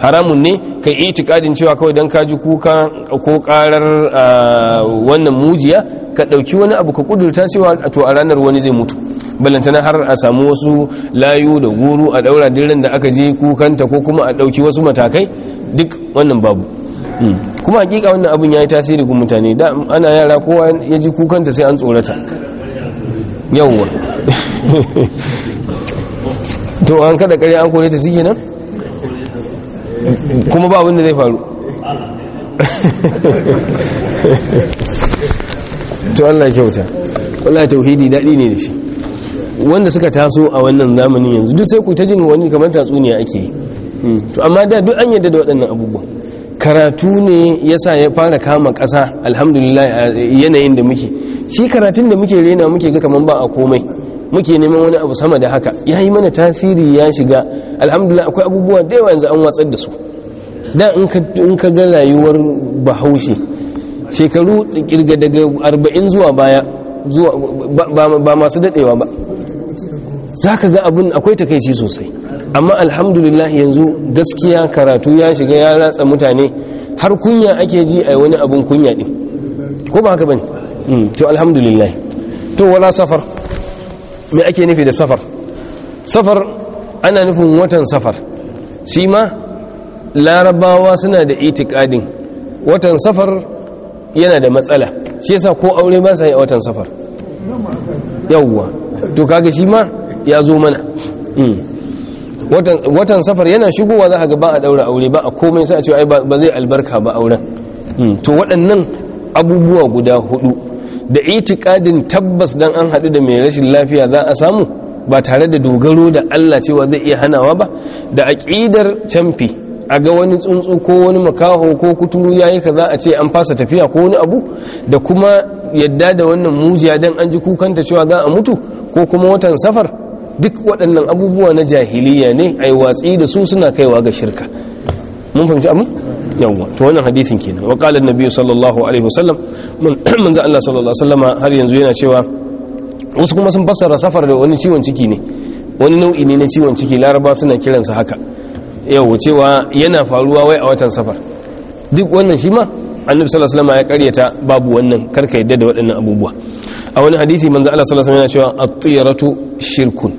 haramun ne ka yi itikadin cewa kawai don kaji kuka ko karar wannan mujiya ka ɗauki wani abu ka kudurta cewa to a ranar wani zai mutu balantana har a samu wasu layu da guru a ɗaura dirin da aka je kukanta ko kuma a ɗauki wasu matakai duk wannan babu hmm. kuma hakika wannan abun ya yi tasiri ga mutane da ana yara kowa ya ji kukanta sai an tsorata yawwa to an kada kare an kore ta shi kenan kuma ba abin zai faru to Allah kyauta wallahi tauhidi dadi ne da shi wanda suka taso a wannan zamanin yanzu duk sai ku ta jin wani kamar tatsuniya ake yi hmm. to amma da duk an yadda da waɗannan abubuwan karatu ne yasa ya fara kama kasa alhamdulillah yanayin da muke shi karatun da muke rena muke ga kaman ba a komai muke neman wani abu sama da haka ya yi mana tasiri ya shiga alhamdulillah akwai abubuwa da yawa yanzu an watsar da su da in ka ga rayuwar bahaushe shekaru kirga daga arba'in zuwa baya ba masu dadewa ba za ka ga abin akwai takaici sosai amma alhamdulillah yanzu gaskiya karatu ya shiga ya ratsa mutane har kunya ake ji a wani abin kunya ɗin ko ba haka bane hmm, to alhamdulillah to wala safar me ake nufi da safar safar ana nufin watan safar shi ma larabawa suna da itikadin watan safar yana da matsala shi yasa ko aure ba sa yi a watan safar yawwa to kaga shi ma ya zo mana hmm. watan safar yana shigowa za a ga ba a daura aure ba a komai sai a ce ai ba zai albarka ba auren hmm. to waɗannan abubuwa guda hudu da itikadin tabbas dan an haɗu da mai rashin lafiya za a samu ba tare da dogaro da Allah cewa zai iya hanawa ba da aƙidar camfi a ga wani tsuntsu ko wani makaho ko kuturu yayi kaza a ce an fasa tafiya ko wani abu da kuma yadda da wannan mujiya dan an ji kukanta cewa za a mutu ko kuma watan safar duk waɗannan abubuwa na jahiliya ne ai watsi da su suna kaiwa ga shirka mun fahimci amma yawwa to wannan hadisin kenan wa qala an-nabi sallallahu alaihi wasallam manzo Allah sallallahu alaihi wasallama har yanzu yana cewa wasu kuma sun fassara safar da wani ciwon ciki ne wani nau'i ne na ciwon ciki laraba suna kiransa haka yau cewa yana faruwa wai a watan safar duk wannan shi ma annabi sallallahu alaihi wasallama ya karyata babu wannan karka yadda da waɗannan abubuwa a wani hadisi manzo Allah sallallahu alaihi wasallama yana cewa at-tiyaratu shirkun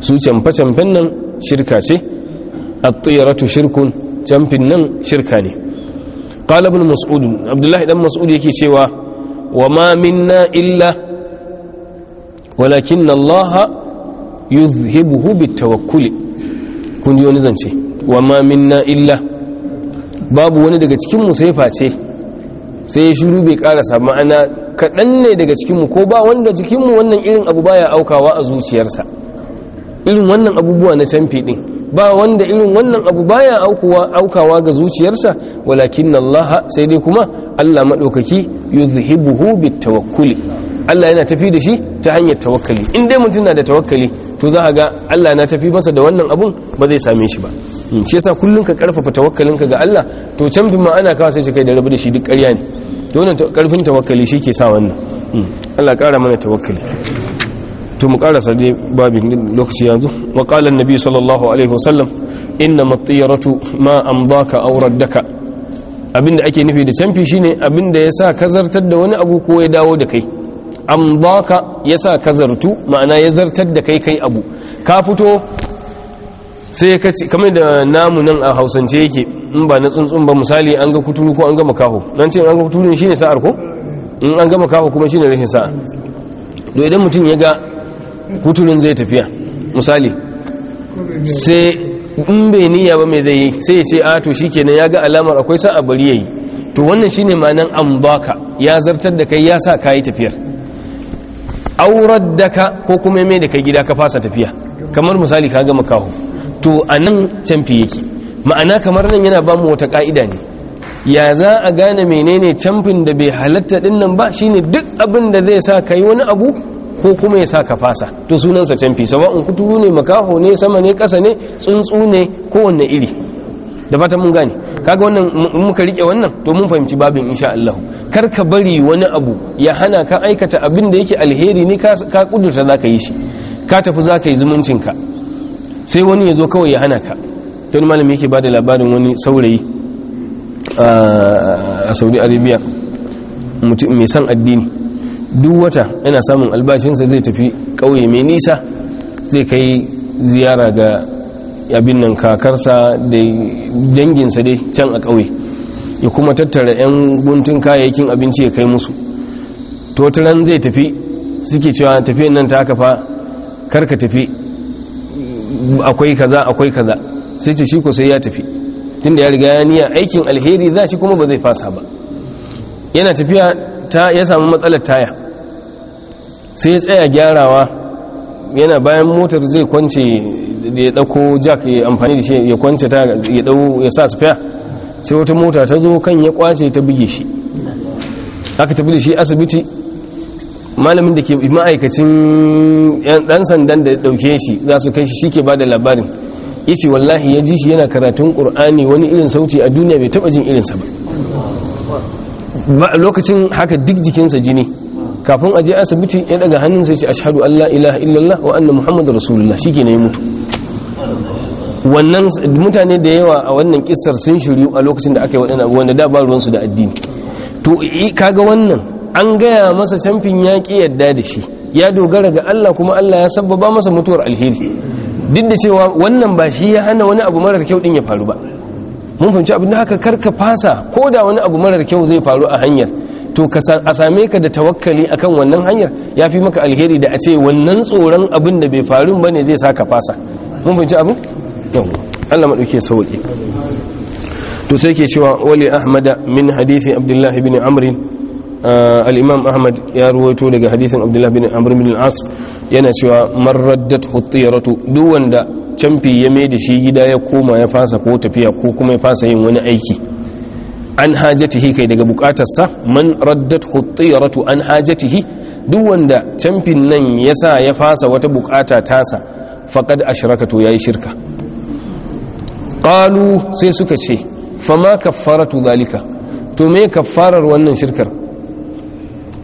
su canfa canfen nan shirka ce at-tiyaratu shirkun camfin nan shirka ne qala Mas'udu mas'ud abdullahi dan mas'ud yake cewa wa ma minna illa walakin Allah yuzhibuhu bitawakkul kun yi wani zance wa ma minna illa babu wani daga cikin sai face sai ya shiru bai karasa ma'ana kaɗan ne daga cikinmu ko ba wanda cikinmu wannan irin abu baya aukawa a zuciyarsa irin wannan abubuwa na canfi ɗin ba wanda irin wannan abu baya aukawa ga zuciyarsa walakin Allah sai dai kuma Allah madaukaki yuzhibuhu bitawakkuli Allah yana tafi da shi ta hanyar tawakkali in dai mutum na da tawakkali to za ga Allah na tafi masa da wannan abun ba zai same shi ba hmm, shi yasa kullum ka karfafa tawakkalinka ga Allah to can ma ana kawo sai shi kai da rabu da shi duk ƙarya ne to wannan karfin shi ke sa wannan hmm, Allah ƙara mana tawakkali to mu karasa dai babin lokaci yanzu wa qala sallallahu alaihi wasallam inna matiyaratu ma amdaka aw raddaka abinda ake nufi da canfi shine abinda yasa ka zartar da wani abu ko ya dawo da kai amdaka yasa ka zartu ma'ana ya zartar da kai kai abu ka fito sai ka ci kamar da namu nan a hausance yake in ba na tsuntsun ba misali an ga kuturu ko an ga makaho nan ce an ga kuturu shine sa'ar ko in an ga makaho kuma shine rashin sa'a do idan mutum ya ga kutulun zai tafiya misali sai in bai niyya ba mai zai sai sai a to shikenan ya ga alamar akwai sa'a bari yayi to wannan shine ma'anan ambaka ya zartar da kai ya sa kayi tafiyar aurar da ka ko kuma mai da kai gida ka fasa tafiya kamar misali ka gama kawo to anan canfi yake ma'ana kamar nan yana ba mu wata ka'ida ne ya za a gane menene camfin da bai halatta dinnan ba shine duk abin da zai sa kai wani abu ko kuma ya sa ka fasa to sunansa canfi sawa'un kutu ne makaho ne sama ne ƙasa ne tsuntsu ne kowanne iri da fatan mun gane kaga wannan muka rike wannan to mun fahimci babin insha Allah kar ka bari wani abu ya hana ka aikata abin da yake alheri ne ka kudurta zaka yi shi ka tafi zaka yi zumuncin ka sai wani ya zo kawai ya hana ka don malami yake bada labarin wani saurayi ah, a Saudi Arabia mutum mai san addini duk wata yana samun albashinsa zai tafi ƙauye mai nisa zai kai ziyara ga abin nan kakarsa da danginsa dai can a ƙauye ya kuma tattara 'yan guntun kayayyakin abinci ya kai musu totaran zai tafi suke cewa tafiyan nan ta kafa karka tafi akwai kaza akwai kaza sai ce shi ko sai ya tafi tunda ya riga ya niya aikin alheri za shi kuma ba zai fasa ba yana tafiya ta ya samu matsalar taya sai ya tsaya gyarawa yana bayan motar zai kwance da ya dauko jack ya amfani da shi ya kwanci ta ya dau ya sa spare sai wata mota ta zo kan ya kwace ta buge shi aka tafi da shi asibiti malamin da ke ma'aikacin ɗan sandan da dauke shi za su kai shi shi ba bada labarin yace wallahi ya ji shi yana karatun qur'ani wani irin sauti a duniya bai taba jin irinsa ba lokacin haka duk jikinsa jini kafin aje asibiti ya daga hannun sai ce ashhadu an la ilaha illallah wa annan muhammadu rasulullah na ya mutu wannan mutane da yawa a wannan kisar sun shiryu a lokacin da aka yi waɗanda wanda da ba ruwansu da addini to kaga wannan an gaya masa camfin yaƙi yadda da shi ya dogara ga Allah kuma Allah ya sababa masa mutuwar alheri duk da cewa wannan ba shi ya hana wani abu marar kyau ɗin ya faru ba mun fahimci abin da haka karka fasa ko da wani abu marar kyau zai faru a hanyar to ka a same ka da tawakkali akan wannan hanyar ya fi maka alheri da a ce wannan tsoron abin da bai faru ba ne zai sa ka fasa mun fahimci abin yau allah maɗauke sauƙi to sai ke cewa wali ahmada min abdullah ibn bin amrin ah, imam ahmad ya ruwaito daga hadithin abdullah bin amr bin al-as yana cewa marar dat duk wanda camfi ya mai da shi gida ya koma ya fasa ko tafiya ko kuma ya fasa yin wani aiki an hajatihi kai daga bukatarsa man raddat ratu an hajatihi duk wanda camfin nan ya sa ya fasa wata bukata tasa faƙad ashiraka to ya yi shirka ƙalu sai suka ce fama kaffaratu zalika to me kaffarar wannan shirkar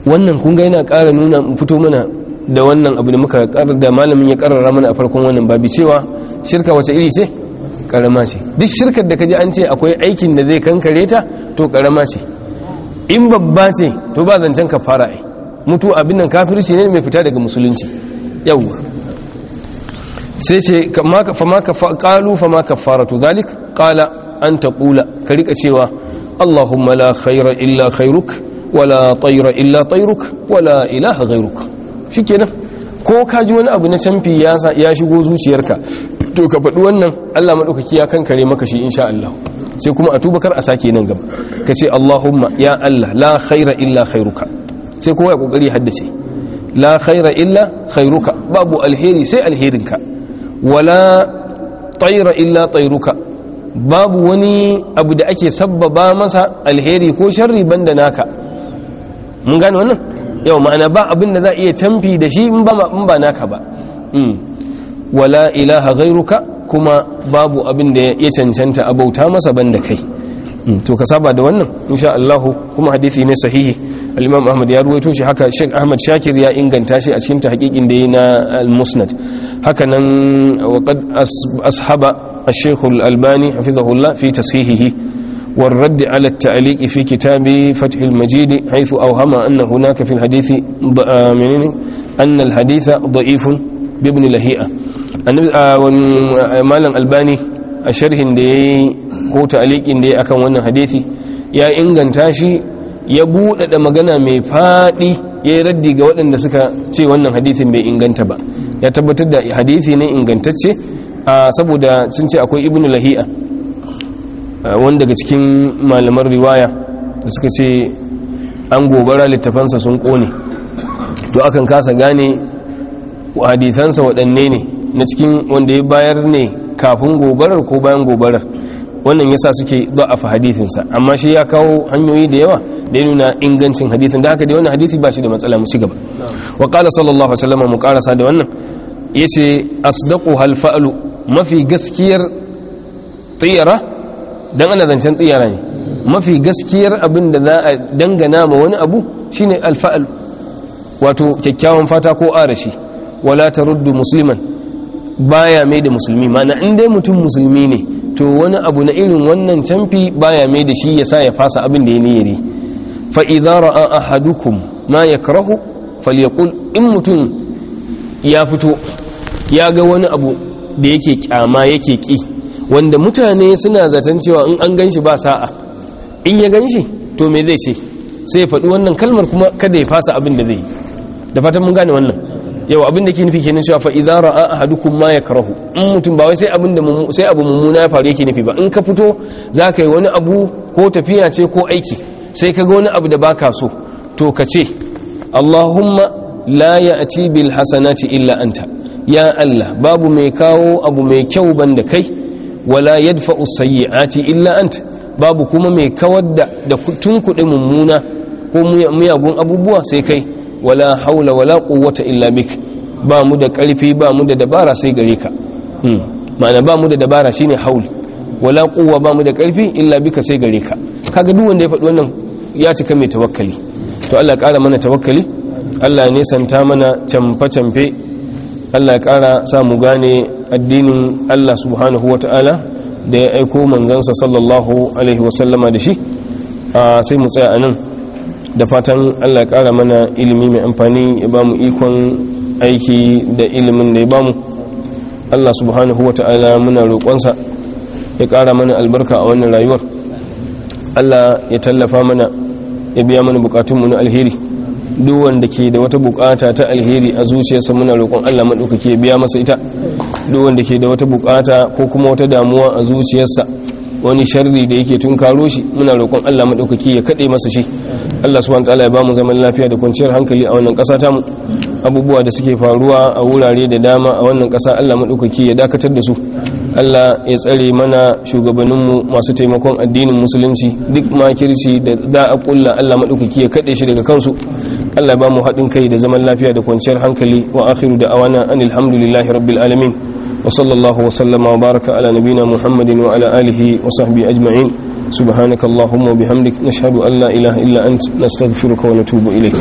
wannan kunga yana ƙara nuna fito mana da wannan abu da muka da malamin ya ƙarar mana a farkon wannan babi cewa shirka wace iri ce karama ce duk shirkar da kaji an ce akwai aikin da zai kankare ta to karama ce in babba ce to ba zancen ka fara ai mutu abin nan kafirci ne mai fita daga musulunci yawwa sai ce fama ka qalu fama kafaratu zalik qala an taqula ka rika cewa allahumma la khaira illa khairuk wala tayra illa tayruk wala ilaha ghayruk shikenan ko ka ji wani abu na canfi ya shigo zuciyarka to ka faɗi wannan Allah maɗaukaki ya kankare maka shi insha Allah sai kuma a tubakar a sake nan gaba ka ce Allahumma ya Allah la khaira illa khairuka sai kowa ya kokari haddace la khaira illa khairuka babu alheri sai alherinka wala tayra illa tayruka babu wani abu da ake sabbaba masa alheri ko sharri banda naka mun gane wannan yau ma'ana ba abin da za a iya canfi da shi in ba naka ba hmm. wala ilaha ghairuka kuma babu abin da ya cancanta abauta masa banda kai hmm. to ka saba da wannan insha Allah kuma hadisi ne sahihi al-Imam Ahmad ya ruwaito shi haka Sheikh Ahmad Shakir ya inganta shi a cikin tahqiqin da yayi na al-Musnad haka nan wa qad ashaba al-Sheikh al-Albani hafizahullah fi tashihihi والرد على التعليق في كتاب فتح المجيد حيث أوهم أن هناك في الحديث أن الحديث ضعيف بابن لهيئة مالا الباني الشرح دي هو تعليق دي أكن وانا حديثي يا إنغان تاشي يبود مغانا مفادي ya yi raddi ga waɗanda suka ce wannan hadithin bai inganta ba ya tabbatar da hadithi ne ingantacce saboda sun ce akwai ibn lahi'a Eh, wani daga cikin malamar riwaya da suka ce an gobara littafansa sun kone to akan kasa gane hadisansa waɗanne ne na cikin wanda ya bayar ne kafin gobarar ko bayan gobarar wannan yasa suke fi hadisinsa amma shi ya kawo hanyoyi da yawa da ya nuna ingancin hadithin da haka dai wannan hadisi ba shi da matsala mu ci gaba wa qala sallallahu alaihi wasallam mu karasa da wannan yace asdaqu hal fa'lu mafi gaskiyar tsira don ana zancen tsiyara ne mafi gaskiyar abin da za a dangana ma wani abu shine alfa'al wato kyakkyawan fata ko arashi wala taruddu musliman baya mai da musulmi mana in dai mutum musulmi ne to wani abu na irin wannan canfi baya mai da shi ya sa ya fasa abin da ya niyyari fa idza ra'a ahadukum ma yakrahu falyakul in mutum ya fito ya ga wani abu da yake kyama yake ki wanda mutane suna zaton cewa in an ganshi ba sa'a in ya ganshi to me zai ce sai ya faɗi wannan kalmar kuma kada ya fasa abin da zai yi da fatan mun gane wannan yau abin da ke nufi kenan cewa fa idza a ahadukum ma karahu in mutum ba wai sai abin da sai abu mummuna ya faru yake nufi ba in ka fito za ka yi wani abu ko tafiya ce ko aiki sai ka ga wani abu da baka so to ka ce Allahumma la ya'ti bil hasanati illa anta ya Allah babu mai kawo abu mai kyau ban da kai wala yadfa sayyi'ati illa ant babu kuma mai kawar da tun kuɗi mummuna ko miyagun abubuwa sai kai wala haula wala quwwata illa bik ba mu da ƙarfi ba mu da dabara sai gare ka hmm. ma'ana ba mu da dabara shine haul wala quwwa ba mu da ƙarfi illa bika sai gare ka kaga duk wanda ya faɗi wannan ya cika mai tawakkali to Allah ƙara mana tawakkali Allah ne santa mana camfe-camfe allah ya kara samu gane addinin allah subhanahu wa ta'ala da ya aiko manzansa sallallahu alaihi wasallama da shi sai mu tsaya a nan da fatan allah ya kara mana ilimi mai amfani ya ba mu ikon aiki da ilimin da ya ba mu allah subhanahu wa ta'ala muna roƙonsa ya kara mana albarka a wannan rayuwar allah ya tallafa mana ya biya mana bukatunmu na alheri duk wanda ke da wata bukata ta alheri a zuciyarsa muna roƙon Allah madaukake ya biya masa ita duk wanda ke da wata bukata ko kuma wata damuwa a zuciyarsa wani sharri da yake tun karo shi muna roƙon Allah madaukake ya kade masa shi Allah subhanahu wataala ya ba mu zaman lafiya da kwanciyar hankali a wannan ƙasa ta mu abubuwa da suke faruwa a wurare da dama a wannan ƙasa allah maɗaukaki ya dakatar da su allah ya tsare mana shugabanninmu masu taimakon addinin musulunci duk makirci da za a ƙulla allah maɗaukaki ya kaɗe shi daga kansu allah ba mu haɗin kai da zaman lafiya da kwanciyar hankali wa akhiru da awana an alhamdulillahi rabbil alamin wa sallallahu wa sallama wa baraka ala nabina muhammadin wa ala alihi wa sahbihi ajma'in subhanaka allahumma wa bihamdik nashhadu an la ilaha illa ant nastaghfiruka wa natubu ilayk